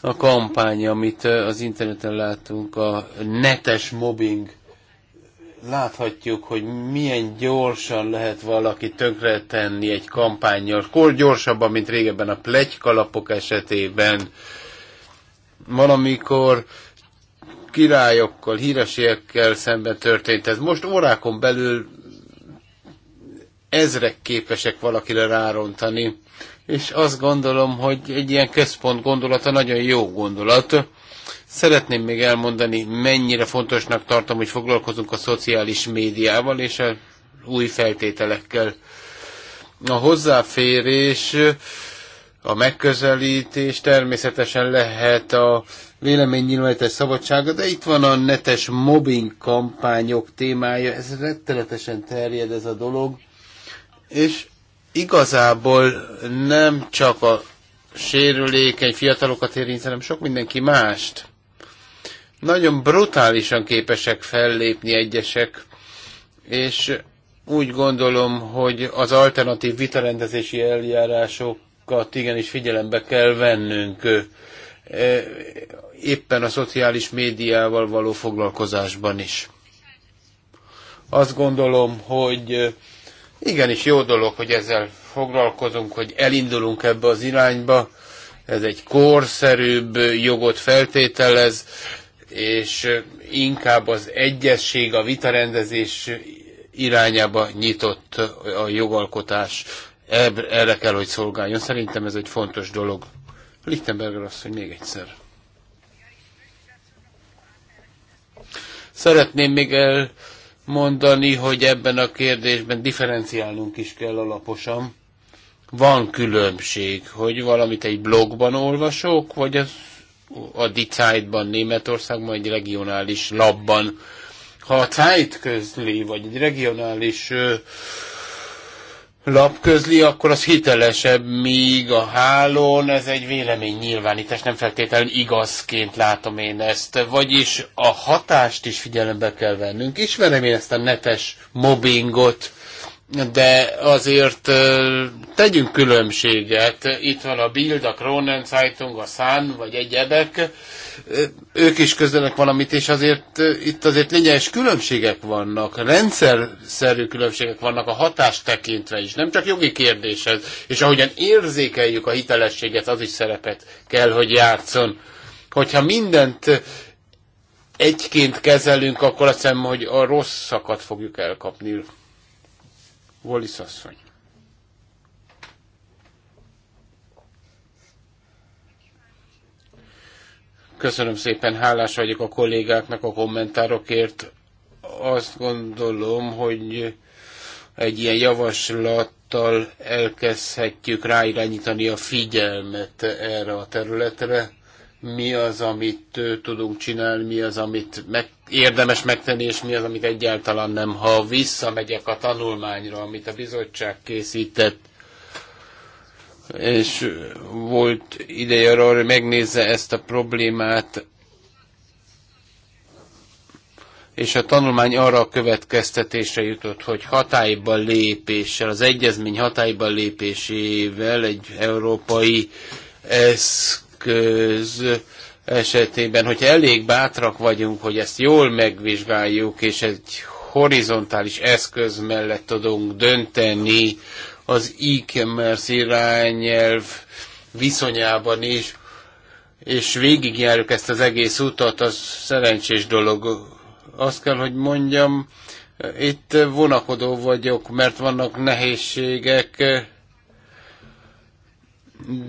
a kampány, amit az interneten látunk, a netes mobbing. Láthatjuk, hogy milyen gyorsan lehet valaki tönkretenni egy kampányjal, kor gyorsabban, mint régebben a plegykalapok esetében. Valamikor királyokkal, híresiekkel szemben történt ez. Most órákon belül ezrek képesek valakire rárontani és azt gondolom, hogy egy ilyen központ gondolata nagyon jó gondolat. Szeretném még elmondani, mennyire fontosnak tartom, hogy foglalkozunk a szociális médiával és a új feltételekkel. A hozzáférés, a megközelítés természetesen lehet a véleménynyilvánítás szabadsága, de itt van a netes mobbing kampányok témája, ez rettenetesen terjed ez a dolog, és igazából nem csak a sérülékeny fiatalokat érint, hanem sok mindenki mást. Nagyon brutálisan képesek fellépni egyesek, és úgy gondolom, hogy az alternatív vitarendezési eljárásokat igenis figyelembe kell vennünk éppen a szociális médiával való foglalkozásban is. Azt gondolom, hogy Igenis jó dolog, hogy ezzel foglalkozunk, hogy elindulunk ebbe az irányba. Ez egy korszerűbb jogot feltételez, és inkább az egyesség, a vitarendezés irányába nyitott a jogalkotás. Erre kell, hogy szolgáljon. Szerintem ez egy fontos dolog. Lichtenberger asszony még egyszer. Szeretném még el mondani, hogy ebben a kérdésben differenciálnunk is kell alaposan. Van különbség, hogy valamit egy blogban olvasok, vagy az a Die Németországban, egy regionális labban. Ha a Zeit közli, vagy egy regionális uh, lap közli, akkor az hitelesebb, míg a hálón ez egy vélemény nyilvánítás, nem feltétlenül igazként látom én ezt. Vagyis a hatást is figyelembe kell vennünk. Ismerem én ezt a netes mobbingot, de azért tegyünk különbséget. Itt van a Bild, a Kronen Zeitung, a Sun, vagy egyebek. Ők is közölnek valamit, és azért itt azért lényeges különbségek vannak, rendszerszerű különbségek vannak a hatást tekintve is, nem csak jogi kérdés És ahogyan érzékeljük a hitelességet, az is szerepet kell, hogy játszon. Hogyha mindent egyként kezelünk, akkor azt hiszem, hogy a rosszakat fogjuk elkapni Wallis asszony. Köszönöm szépen, hálás vagyok a kollégáknak a kommentárokért. Azt gondolom, hogy egy ilyen javaslattal elkezdhetjük ráirányítani a figyelmet erre a területre mi az, amit tudunk csinálni, mi az, amit meg, érdemes megtenni, és mi az, amit egyáltalán nem. Ha visszamegyek a tanulmányra, amit a bizottság készített, és volt ideje arra, hogy megnézze ezt a problémát, és a tanulmány arra a következtetésre jutott, hogy hatályba lépéssel, az egyezmény hatályba lépésével egy európai eszköz, eszköz esetében, hogy elég bátrak vagyunk, hogy ezt jól megvizsgáljuk, és egy horizontális eszköz mellett tudunk dönteni az e-commerce irányelv viszonyában is, és végigjárjuk ezt az egész utat, az szerencsés dolog. Azt kell, hogy mondjam, itt vonakodó vagyok, mert vannak nehézségek,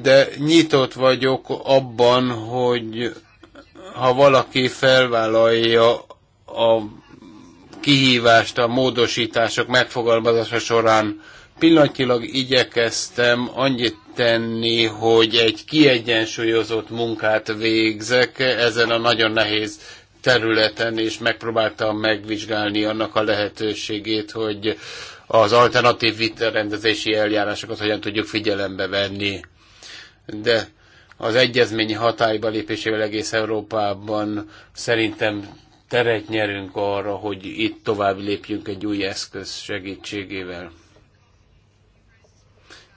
de nyitott vagyok abban, hogy ha valaki felvállalja a kihívást a módosítások megfogalmazása során, pillanatilag igyekeztem annyit tenni, hogy egy kiegyensúlyozott munkát végzek ezen a nagyon nehéz területen, és megpróbáltam megvizsgálni annak a lehetőségét, hogy az alternatív vitarendezési eljárásokat hogyan tudjuk figyelembe venni de az egyezmény hatályba lépésével egész Európában szerintem teret nyerünk arra, hogy itt tovább lépjünk egy új eszköz segítségével.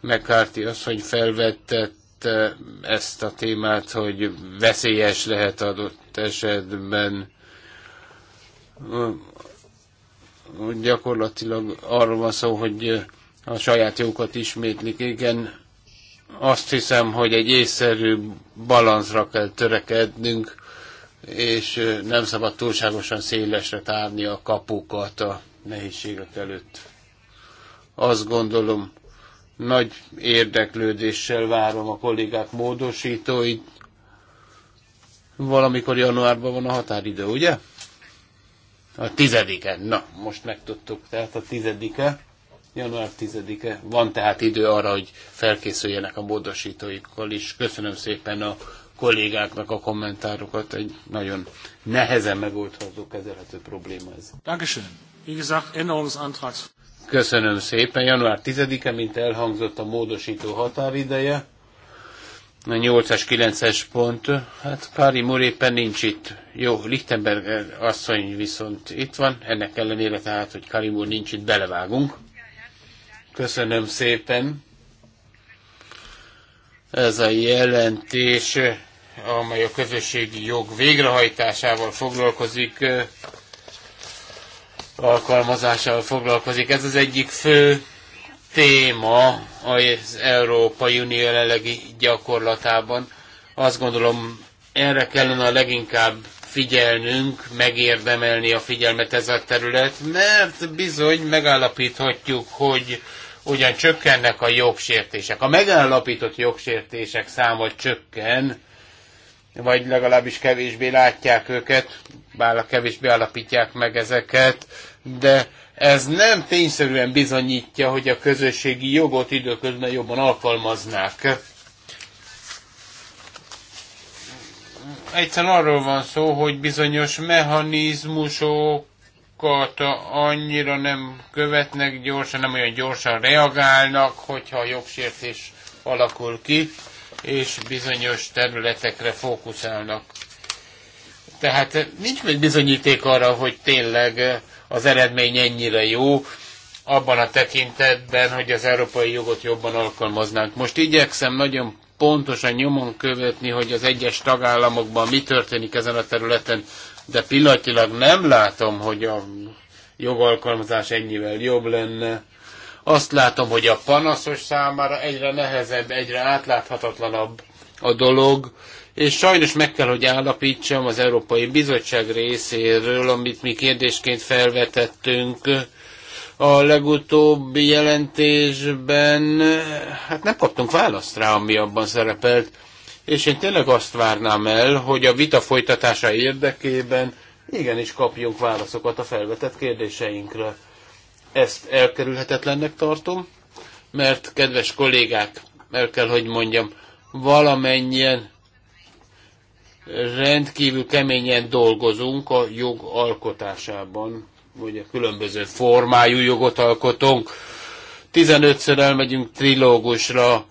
McCarthy az, hogy felvettette ezt a témát, hogy veszélyes lehet adott esetben gyakorlatilag arról van szó, hogy a saját jókat ismétlik. Igen, azt hiszem, hogy egy észszerű balanszra kell törekednünk, és nem szabad túlságosan szélesre tárni a kapukat a nehézségek előtt. Azt gondolom, nagy érdeklődéssel várom a kollégák módosítóit. Valamikor januárban van a határidő, ugye? A tizedike. Na, most megtudtuk, tehát a tizedike január 10-e. Van tehát idő arra, hogy felkészüljenek a módosítóikkal is. Köszönöm szépen a kollégáknak a kommentárokat. Egy nagyon nehezen megoldható kezelhető probléma ez. Köszönöm szépen. Január 10-e, mint elhangzott a módosító határideje. A 8 es 9-es pont. Hát Pári Mur éppen nincs itt. Jó, Lichtenberger asszony viszont itt van. Ennek ellenére tehát, hogy Karimur nincs itt, belevágunk. Köszönöm szépen. Ez a jelentés, amely a közösségi jog végrehajtásával foglalkozik, alkalmazásával foglalkozik. Ez az egyik fő téma az Európai Unió jelenlegi gyakorlatában. Azt gondolom, erre kellene a leginkább figyelnünk, megérdemelni a figyelmet ez a terület, mert bizony megállapíthatjuk, hogy ugyan csökkennek a jogsértések. A megállapított jogsértések száma csökken, vagy legalábbis kevésbé látják őket, bár a kevésbé állapítják meg ezeket, de ez nem tényszerűen bizonyítja, hogy a közösségi jogot időközben jobban alkalmaznák. Egyszerűen arról van szó, hogy bizonyos mechanizmusok szabályokat annyira nem követnek gyorsan, nem olyan gyorsan reagálnak, hogyha a jogsértés alakul ki, és bizonyos területekre fókuszálnak. Tehát nincs még bizonyíték arra, hogy tényleg az eredmény ennyire jó, abban a tekintetben, hogy az európai jogot jobban alkalmaznánk. Most igyekszem nagyon pontosan nyomon követni, hogy az egyes tagállamokban mi történik ezen a területen de pillanatilag nem látom, hogy a jogalkalmazás ennyivel jobb lenne. Azt látom, hogy a panaszos számára egyre nehezebb, egyre átláthatatlanabb a dolog, és sajnos meg kell, hogy állapítsam az Európai Bizottság részéről, amit mi kérdésként felvetettünk a legutóbbi jelentésben, hát nem kaptunk választ rá, ami abban szerepelt. És én tényleg azt várnám el, hogy a vita folytatása érdekében igenis kapjunk válaszokat a felvetett kérdéseinkre. Ezt elkerülhetetlennek tartom, mert kedves kollégák, el kell, hogy mondjam, valamennyien rendkívül keményen dolgozunk a jog alkotásában, vagy a különböző formájú jogot alkotunk. 15-ször elmegyünk trilógusra,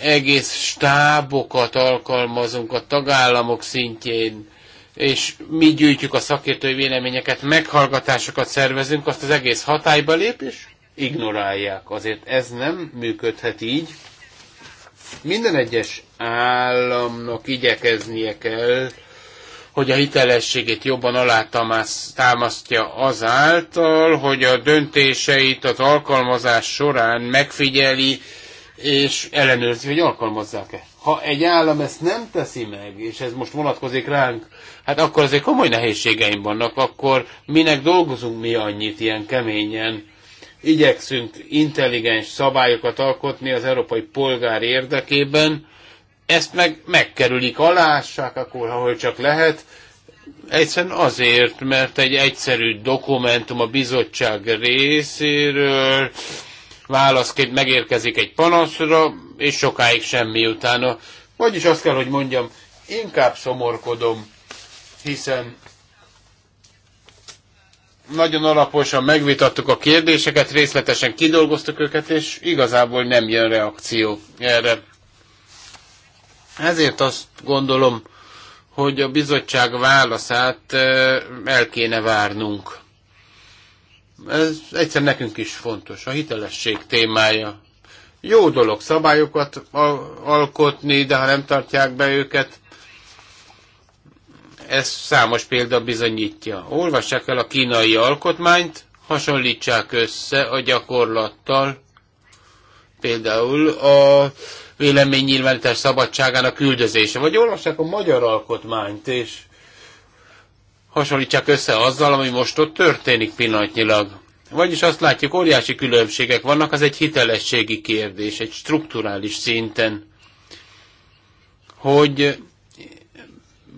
egész stábokat alkalmazunk a tagállamok szintjén, és mi gyűjtjük a szakértői véleményeket, meghallgatásokat szervezünk, azt az egész hatályba lép, és ignorálják. Azért ez nem működhet így. Minden egyes államnak igyekeznie kell, hogy a hitelességét jobban alátámasztja azáltal, hogy a döntéseit az alkalmazás során megfigyeli, és ellenőrzi, hogy alkalmazzák-e. Ha egy állam ezt nem teszi meg, és ez most vonatkozik ránk, hát akkor azért komoly nehézségeim vannak, akkor minek dolgozunk mi annyit ilyen keményen, igyekszünk intelligens szabályokat alkotni az európai polgár érdekében, ezt meg megkerülik, alássák akkor, ahol csak lehet, egyszerűen azért, mert egy egyszerű dokumentum a bizottság részéről válaszként megérkezik egy panaszra, és sokáig semmi utána. Vagyis azt kell, hogy mondjam, inkább szomorkodom, hiszen nagyon alaposan megvitattuk a kérdéseket, részletesen kidolgoztuk őket, és igazából nem jön reakció erre. Ezért azt gondolom, hogy a bizottság válaszát eh, el kéne várnunk. Ez egyszer nekünk is fontos, a hitelesség témája. Jó dolog szabályokat al- alkotni, de ha nem tartják be őket, ez számos példa bizonyítja. Olvassák el a kínai alkotmányt, hasonlítsák össze a gyakorlattal, például a véleménynyilvánítás szabadságának küldözése, vagy olvassák a magyar alkotmányt, és hasonlítsák össze azzal, ami most ott történik pillanatnyilag. Vagyis azt látjuk, óriási különbségek vannak, az egy hitelességi kérdés, egy strukturális szinten, hogy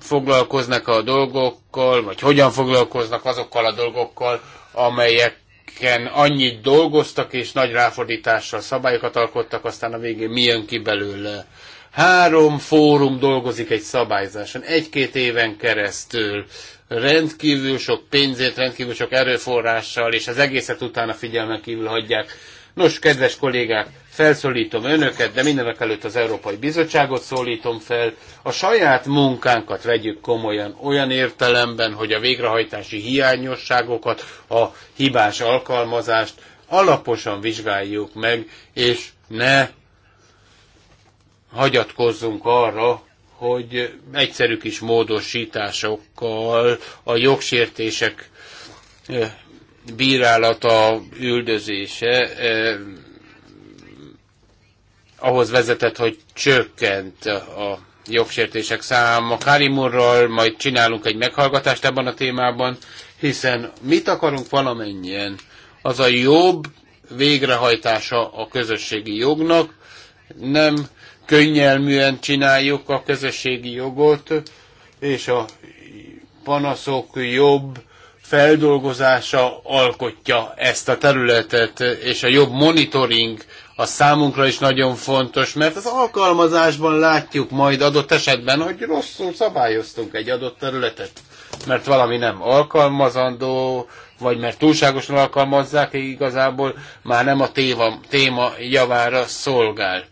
foglalkoznak a dolgokkal, vagy hogyan foglalkoznak azokkal a dolgokkal, amelyeken annyit dolgoztak, és nagy ráfordítással szabályokat alkottak, aztán a végén mi jön ki belőle. Három fórum dolgozik egy szabályzáson, egy-két éven keresztül rendkívül sok pénzét, rendkívül sok erőforrással, és az egészet utána figyelmen kívül hagyják. Nos, kedves kollégák, felszólítom önöket, de mindenek előtt az Európai Bizottságot szólítom fel. A saját munkánkat vegyük komolyan olyan értelemben, hogy a végrehajtási hiányosságokat, a hibás alkalmazást alaposan vizsgáljuk meg, és ne hagyatkozzunk arra, hogy egyszerű kis módosításokkal a jogsértések eh, bírálata, üldözése eh, ahhoz vezetett, hogy csökkent a jogsértések száma. Karimurral majd csinálunk egy meghallgatást ebben a témában, hiszen mit akarunk valamennyien? Az a jobb végrehajtása a közösségi jognak, nem könnyelműen csináljuk a közösségi jogot, és a panaszok jobb feldolgozása alkotja ezt a területet, és a jobb monitoring a számunkra is nagyon fontos, mert az alkalmazásban látjuk majd adott esetben, hogy rosszul szabályoztunk egy adott területet, mert valami nem alkalmazandó, vagy mert túlságosan alkalmazzák, igazából már nem a téma, téma javára szolgál.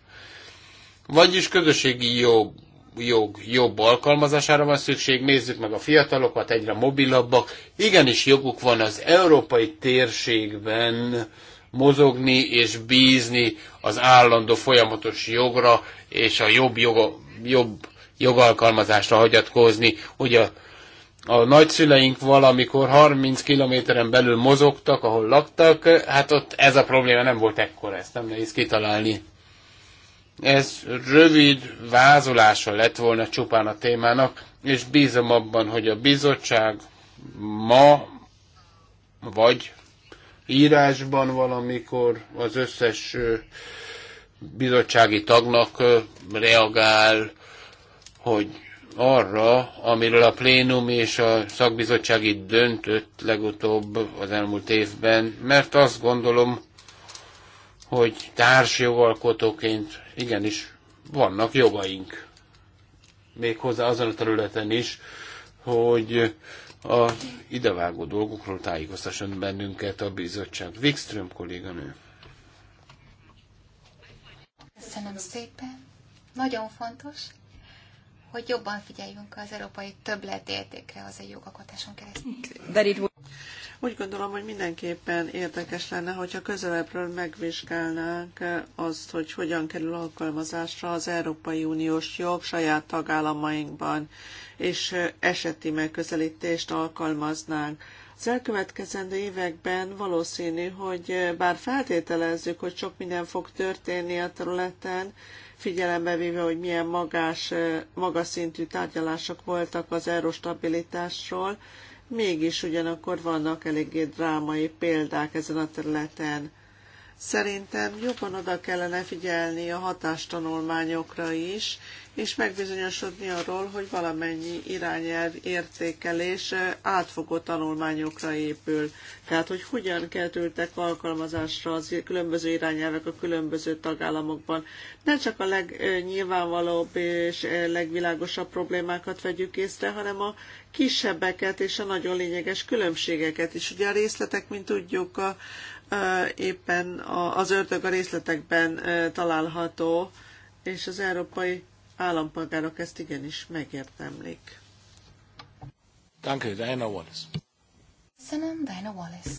Vagyis közösségi jog, jog jobb alkalmazására van szükség, nézzük meg a fiatalokat, egyre mobilabbak. Igenis joguk van az európai térségben mozogni és bízni az állandó folyamatos jogra és a jobb, joga, jobb jogalkalmazásra hagyatkozni. Ugye a nagyszüleink valamikor 30 kilométeren belül mozogtak, ahol laktak, hát ott ez a probléma nem volt ekkora, ezt nem nehéz kitalálni. Ez rövid vázolása lett volna csupán a témának, és bízom abban, hogy a bizottság ma vagy írásban valamikor az összes bizottsági tagnak reagál, hogy arra, amiről a plénum és a szakbizottság itt döntött legutóbb az elmúlt évben, mert azt gondolom, hogy társjogalkotóként igenis vannak jogaink. Méghozzá azon a területen is, hogy a idevágó dolgokról tájékoztasson bennünket a bizottság. Wikström kolléganő. Köszönöm szépen. Nagyon fontos, hogy jobban figyeljünk az európai többletértékre az a jogalkotáson keresztül. Úgy gondolom, hogy mindenképpen érdekes lenne, hogyha közelebbről megvizsgálnánk azt, hogy hogyan kerül alkalmazásra az Európai Uniós jog saját tagállamainkban, és eseti megközelítést alkalmaznánk. Az elkövetkezendő években valószínű, hogy bár feltételezzük, hogy sok minden fog történni a területen, figyelembe véve, hogy milyen magás, magas szintű tárgyalások voltak az stabilitásról mégis ugyanakkor vannak eléggé drámai példák ezen a területen. Szerintem jobban oda kellene figyelni a hatástanulmányokra is, és megbizonyosodni arról, hogy valamennyi irányelv értékelés átfogó tanulmányokra épül. Tehát, hogy hogyan kerültek alkalmazásra az különböző irányelvek a különböző tagállamokban. Ne csak a legnyilvánvalóbb és legvilágosabb problémákat vegyük észre, hanem a kisebbeket és a nagyon lényeges különbségeket is. Ugye a részletek, mint tudjuk, a, éppen az ördög a részletekben található, és az európai állampolgárok ezt igenis megértemlik. Danke, Wallace. Köszönöm, Diana Wallace.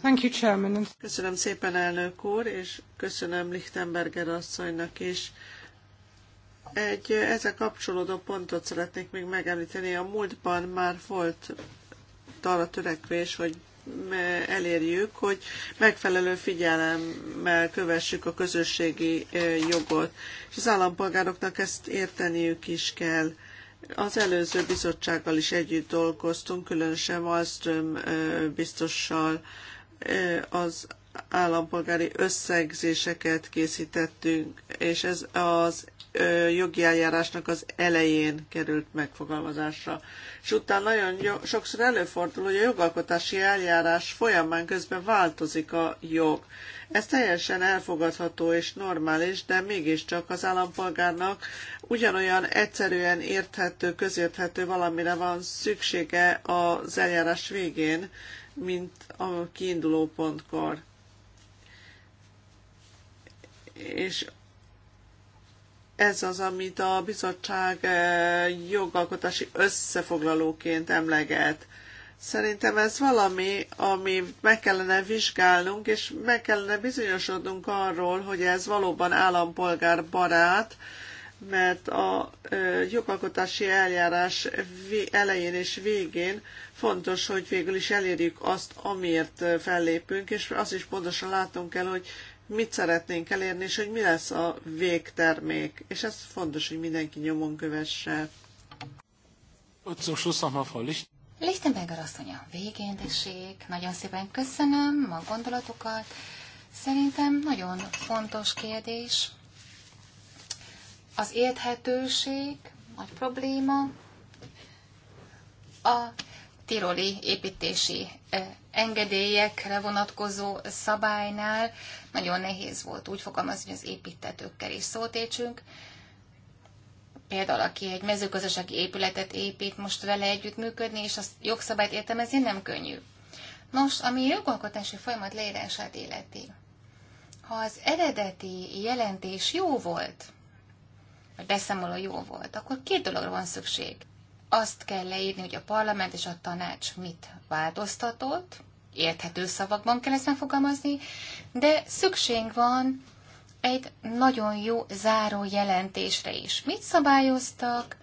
Thank you, Chairman. Köszönöm szépen, elnök úr, és köszönöm Lichtenberger asszonynak is. Egy ezzel kapcsolódó pontot szeretnék még megemlíteni. A múltban már volt arra törekvés, hogy elérjük, hogy megfelelő figyelemmel kövessük a közösségi jogot. És az állampolgároknak ezt érteniük is kell. Az előző bizottsággal is együtt dolgoztunk, különösen Wallström biztossal az állampolgári összegzéseket készítettünk, és ez az jogi eljárásnak az elején került megfogalmazásra. És utána nagyon sokszor előfordul, hogy a jogalkotási eljárás folyamán közben változik a jog. Ez teljesen elfogadható és normális, de mégiscsak az állampolgárnak ugyanolyan egyszerűen érthető, közérthető valamire van szüksége az eljárás végén, mint a kiinduló pontkor és ez az, amit a bizottság eh, jogalkotási összefoglalóként emleget. Szerintem ez valami, ami meg kellene vizsgálnunk, és meg kellene bizonyosodnunk arról, hogy ez valóban állampolgár barát, mert a eh, jogalkotási eljárás elején és végén fontos, hogy végül is elérjük azt, amiért eh, fellépünk, és azt is pontosan látunk kell, hogy mit szeretnénk elérni, és hogy mi lesz a végtermék. És ez fontos, hogy mindenki nyomon kövesse. Lichtenberger asszonya, végén tessék, nagyon szépen köszönöm a gondolatokat. Szerintem nagyon fontos kérdés. Az érthetőség, nagy probléma, a tiroli építési eh, engedélyekre vonatkozó szabálynál nagyon nehéz volt úgy fogalmazni, hogy az építetőkkel is szót értsünk. Például, aki egy mezőgazdasági épületet épít, most vele együttműködni, és azt jogszabályt értelmezni nem könnyű. Nos, ami jogalkotási folyamat leírását illeti. Ha az eredeti jelentés jó volt, vagy beszámoló jó volt, akkor két dologra van szükség azt kell leírni, hogy a parlament és a tanács mit változtatott, érthető szavakban kell ezt megfogalmazni, de szükség van egy nagyon jó záró jelentésre is. Mit szabályoztak,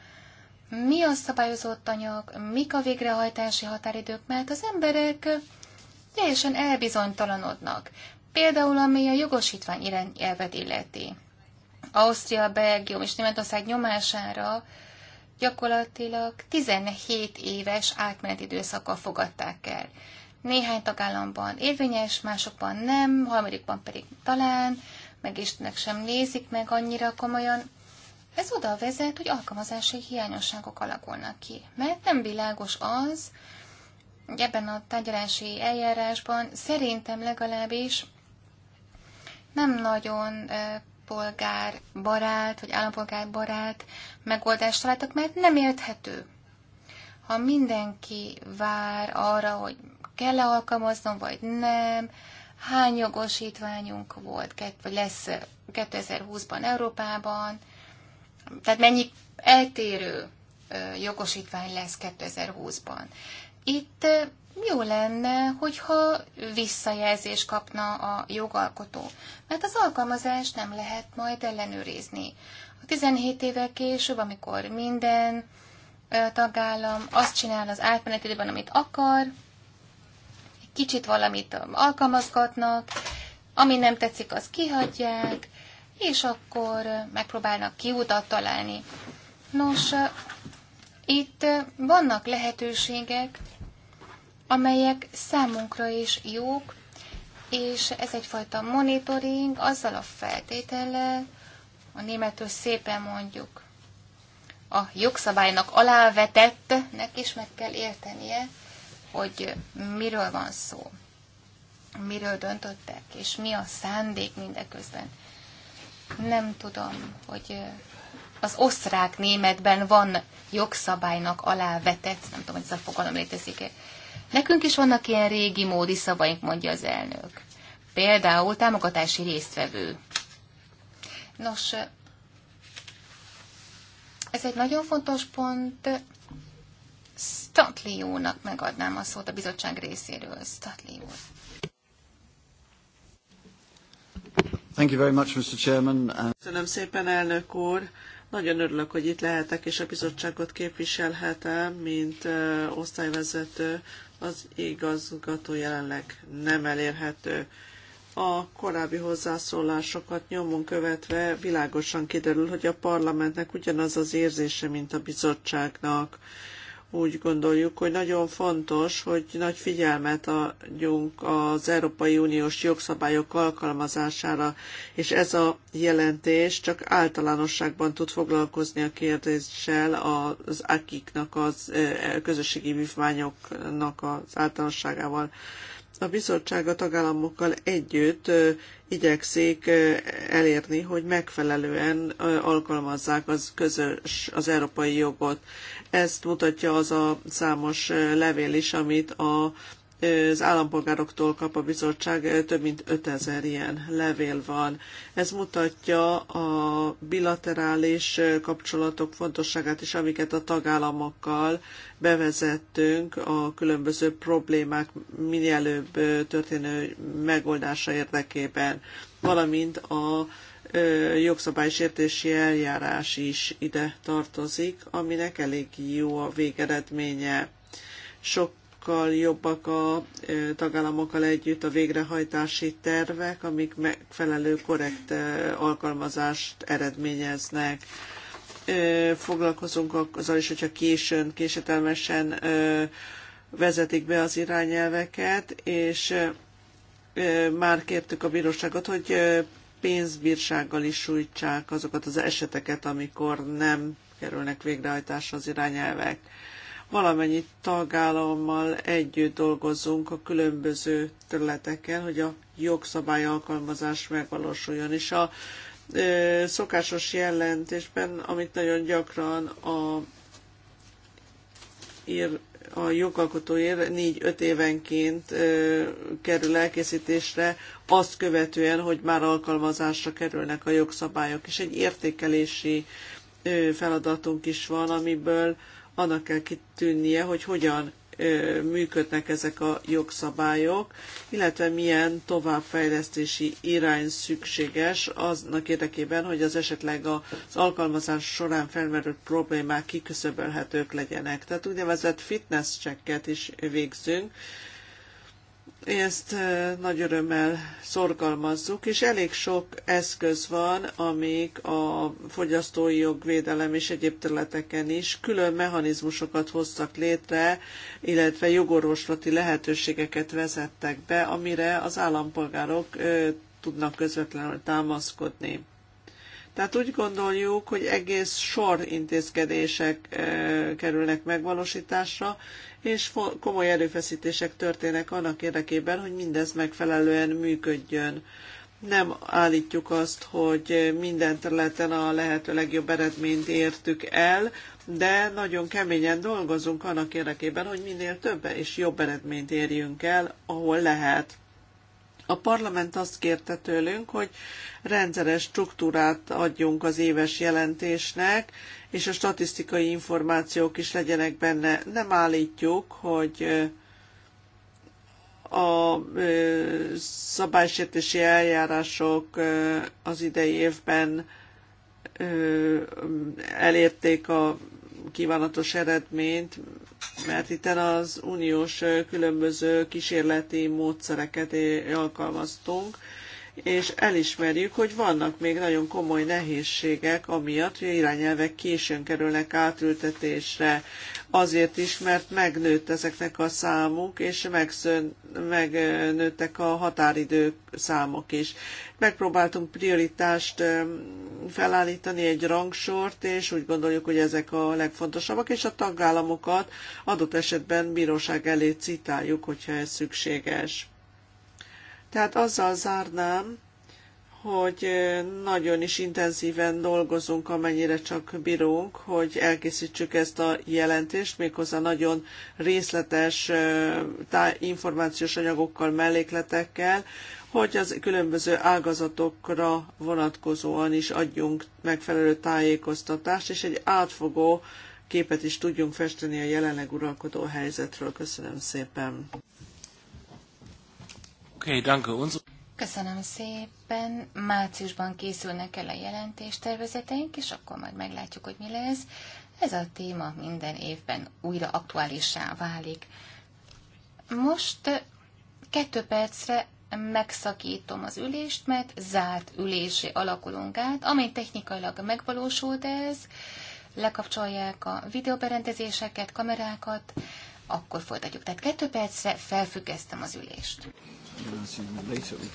mi a szabályozott anyag, mik a végrehajtási határidők, mert az emberek teljesen elbizonytalanodnak. Például, ami a jogosítvány irányelvet illeti. Ausztria, Belgium és Németország nyomására gyakorlatilag 17 éves átmeneti időszaka fogadták el. Néhány tagállamban érvényes, másokban nem, harmadikban pedig talán, meg Istennek sem nézik meg annyira komolyan. Ez oda vezet, hogy alkalmazási hiányosságok alakulnak ki, mert nem világos az, hogy ebben a tárgyalási eljárásban szerintem legalábbis nem nagyon eh, barát, vagy állampolgár barát megoldást találtak, mert nem érthető. Ha mindenki vár arra, hogy kell-e alkalmaznom, vagy nem, hány jogosítványunk volt, vagy lesz 2020-ban Európában, tehát mennyi eltérő jogosítvány lesz 2020-ban. Itt jó lenne, hogyha visszajelzés kapna a jogalkotó, mert az alkalmazást nem lehet majd ellenőrizni. A 17 évvel később, amikor minden tagállam azt csinál az átmeneti amit akar, egy kicsit valamit alkalmazgatnak, ami nem tetszik, az kihagyják, és akkor megpróbálnak kiutat találni. Nos, itt vannak lehetőségek, amelyek számunkra is jók, és ez egyfajta monitoring azzal a feltétellel, a németül szépen mondjuk, a jogszabálynak alávetettnek is meg kell értenie, hogy miről van szó, miről döntöttek, és mi a szándék mindeközben. Nem tudom, hogy az osztrák-németben van jogszabálynak alávetett, nem tudom, hogy ez a fogalom létezik-e, Nekünk is vannak ilyen régi módi szavaink, mondja az elnök. Például támogatási résztvevő. Nos, ez egy nagyon fontos pont. Statliónak megadnám a szót a bizottság részéről. Statlió. Thank you very much, Mr. Chairman. Köszönöm szépen, elnök úr. Nagyon örülök, hogy itt lehetek, és a bizottságot képviselhetem, mint osztályvezető az igazgató jelenleg nem elérhető. A korábbi hozzászólásokat nyomon követve világosan kiderül, hogy a parlamentnek ugyanaz az érzése, mint a bizottságnak úgy gondoljuk, hogy nagyon fontos, hogy nagy figyelmet adjunk az Európai Uniós jogszabályok alkalmazására, és ez a jelentés csak általánosságban tud foglalkozni a kérdéssel az akiknak, az közösségi vívmányoknak az általánosságával. A bizottság a tagállamokkal együtt igyekszik elérni, hogy megfelelően alkalmazzák az közös, az európai jogot. Ezt mutatja az a számos eh, levél is, amit a, eh, az állampolgároktól kap a bizottság, eh, több mint 5000 ilyen levél van. Ez mutatja a bilaterális kapcsolatok fontosságát is, amiket a tagállamokkal bevezettünk a különböző problémák minél előbb történő megoldása érdekében, valamint a jogszabálysértési eljárás is ide tartozik, aminek elég jó a végeredménye. Sokkal jobbak a tagállamokkal együtt a végrehajtási tervek, amik megfelelő korrekt alkalmazást eredményeznek. Foglalkozunk azzal is, hogyha későn, késedelmesen vezetik be az irányelveket, és már kértük a bíróságot, hogy pénzbírsággal is sújtsák azokat az eseteket, amikor nem kerülnek végrehajtásra az irányelvek. Valamennyi tagállammal együtt dolgozunk a különböző területeken, hogy a jogszabály alkalmazás megvalósuljon, és a ö, szokásos jelentésben, amit nagyon gyakran a ír a jogalkotó év 4-5 évenként kerül elkészítésre, azt követően, hogy már alkalmazásra kerülnek a jogszabályok, és egy értékelési feladatunk is van, amiből annak kell kitűnnie, hogy hogyan működnek ezek a jogszabályok, illetve milyen továbbfejlesztési irány szükséges aznak érdekében, hogy az esetleg az alkalmazás során felmerült problémák kiküszöbölhetők legyenek. Tehát úgynevezett fitness checket is végzünk, ezt nagy örömmel szorgalmazzuk, és elég sok eszköz van, amik a fogyasztói jogvédelem és egyéb területeken is külön mechanizmusokat hoztak létre, illetve jogorvoslati lehetőségeket vezettek be, amire az állampolgárok tudnak közvetlenül támaszkodni. Tehát úgy gondoljuk, hogy egész sor intézkedések kerülnek megvalósításra, és komoly erőfeszítések történnek annak érdekében, hogy mindez megfelelően működjön. Nem állítjuk azt, hogy minden területen a lehető legjobb eredményt értük el, de nagyon keményen dolgozunk annak érdekében, hogy minél több és jobb eredményt érjünk el, ahol lehet. A parlament azt kérte tőlünk, hogy rendszeres struktúrát adjunk az éves jelentésnek, és a statisztikai információk is legyenek benne. Nem állítjuk, hogy a szabálysértési eljárások az idei évben elérték a kívánatos eredményt, mert itt az uniós különböző kísérleti módszereket alkalmaztunk, és elismerjük, hogy vannak még nagyon komoly nehézségek, amiatt, hogy irányelvek későn kerülnek átültetésre. Azért is, mert megnőtt ezeknek a számuk, és megszön, megnőttek a határidő számok is. Megpróbáltunk prioritást felállítani egy rangsort, és úgy gondoljuk, hogy ezek a legfontosabbak, és a tagállamokat adott esetben bíróság elé citáljuk, hogyha ez szükséges tehát azzal zárnám, hogy nagyon is intenzíven dolgozunk, amennyire csak bírunk, hogy elkészítsük ezt a jelentést, méghozzá nagyon részletes információs anyagokkal, mellékletekkel, hogy az különböző ágazatokra vonatkozóan is adjunk megfelelő tájékoztatást, és egy átfogó képet is tudjunk festeni a jelenleg uralkodó helyzetről. Köszönöm szépen! Okay, danke. Köszönöm szépen. Márciusban készülnek el a jelentéstervezeteink, és akkor majd meglátjuk, hogy mi lesz. Ez a téma minden évben újra aktuálissá válik. Most kettő percre megszakítom az ülést, mert zárt ülésé alakulunk át, amely technikailag megvalósult ez, lekapcsolják a videoberendezéseket, kamerákat, akkor folytatjuk. Tehát kettő percre felfüggesztem az ülést later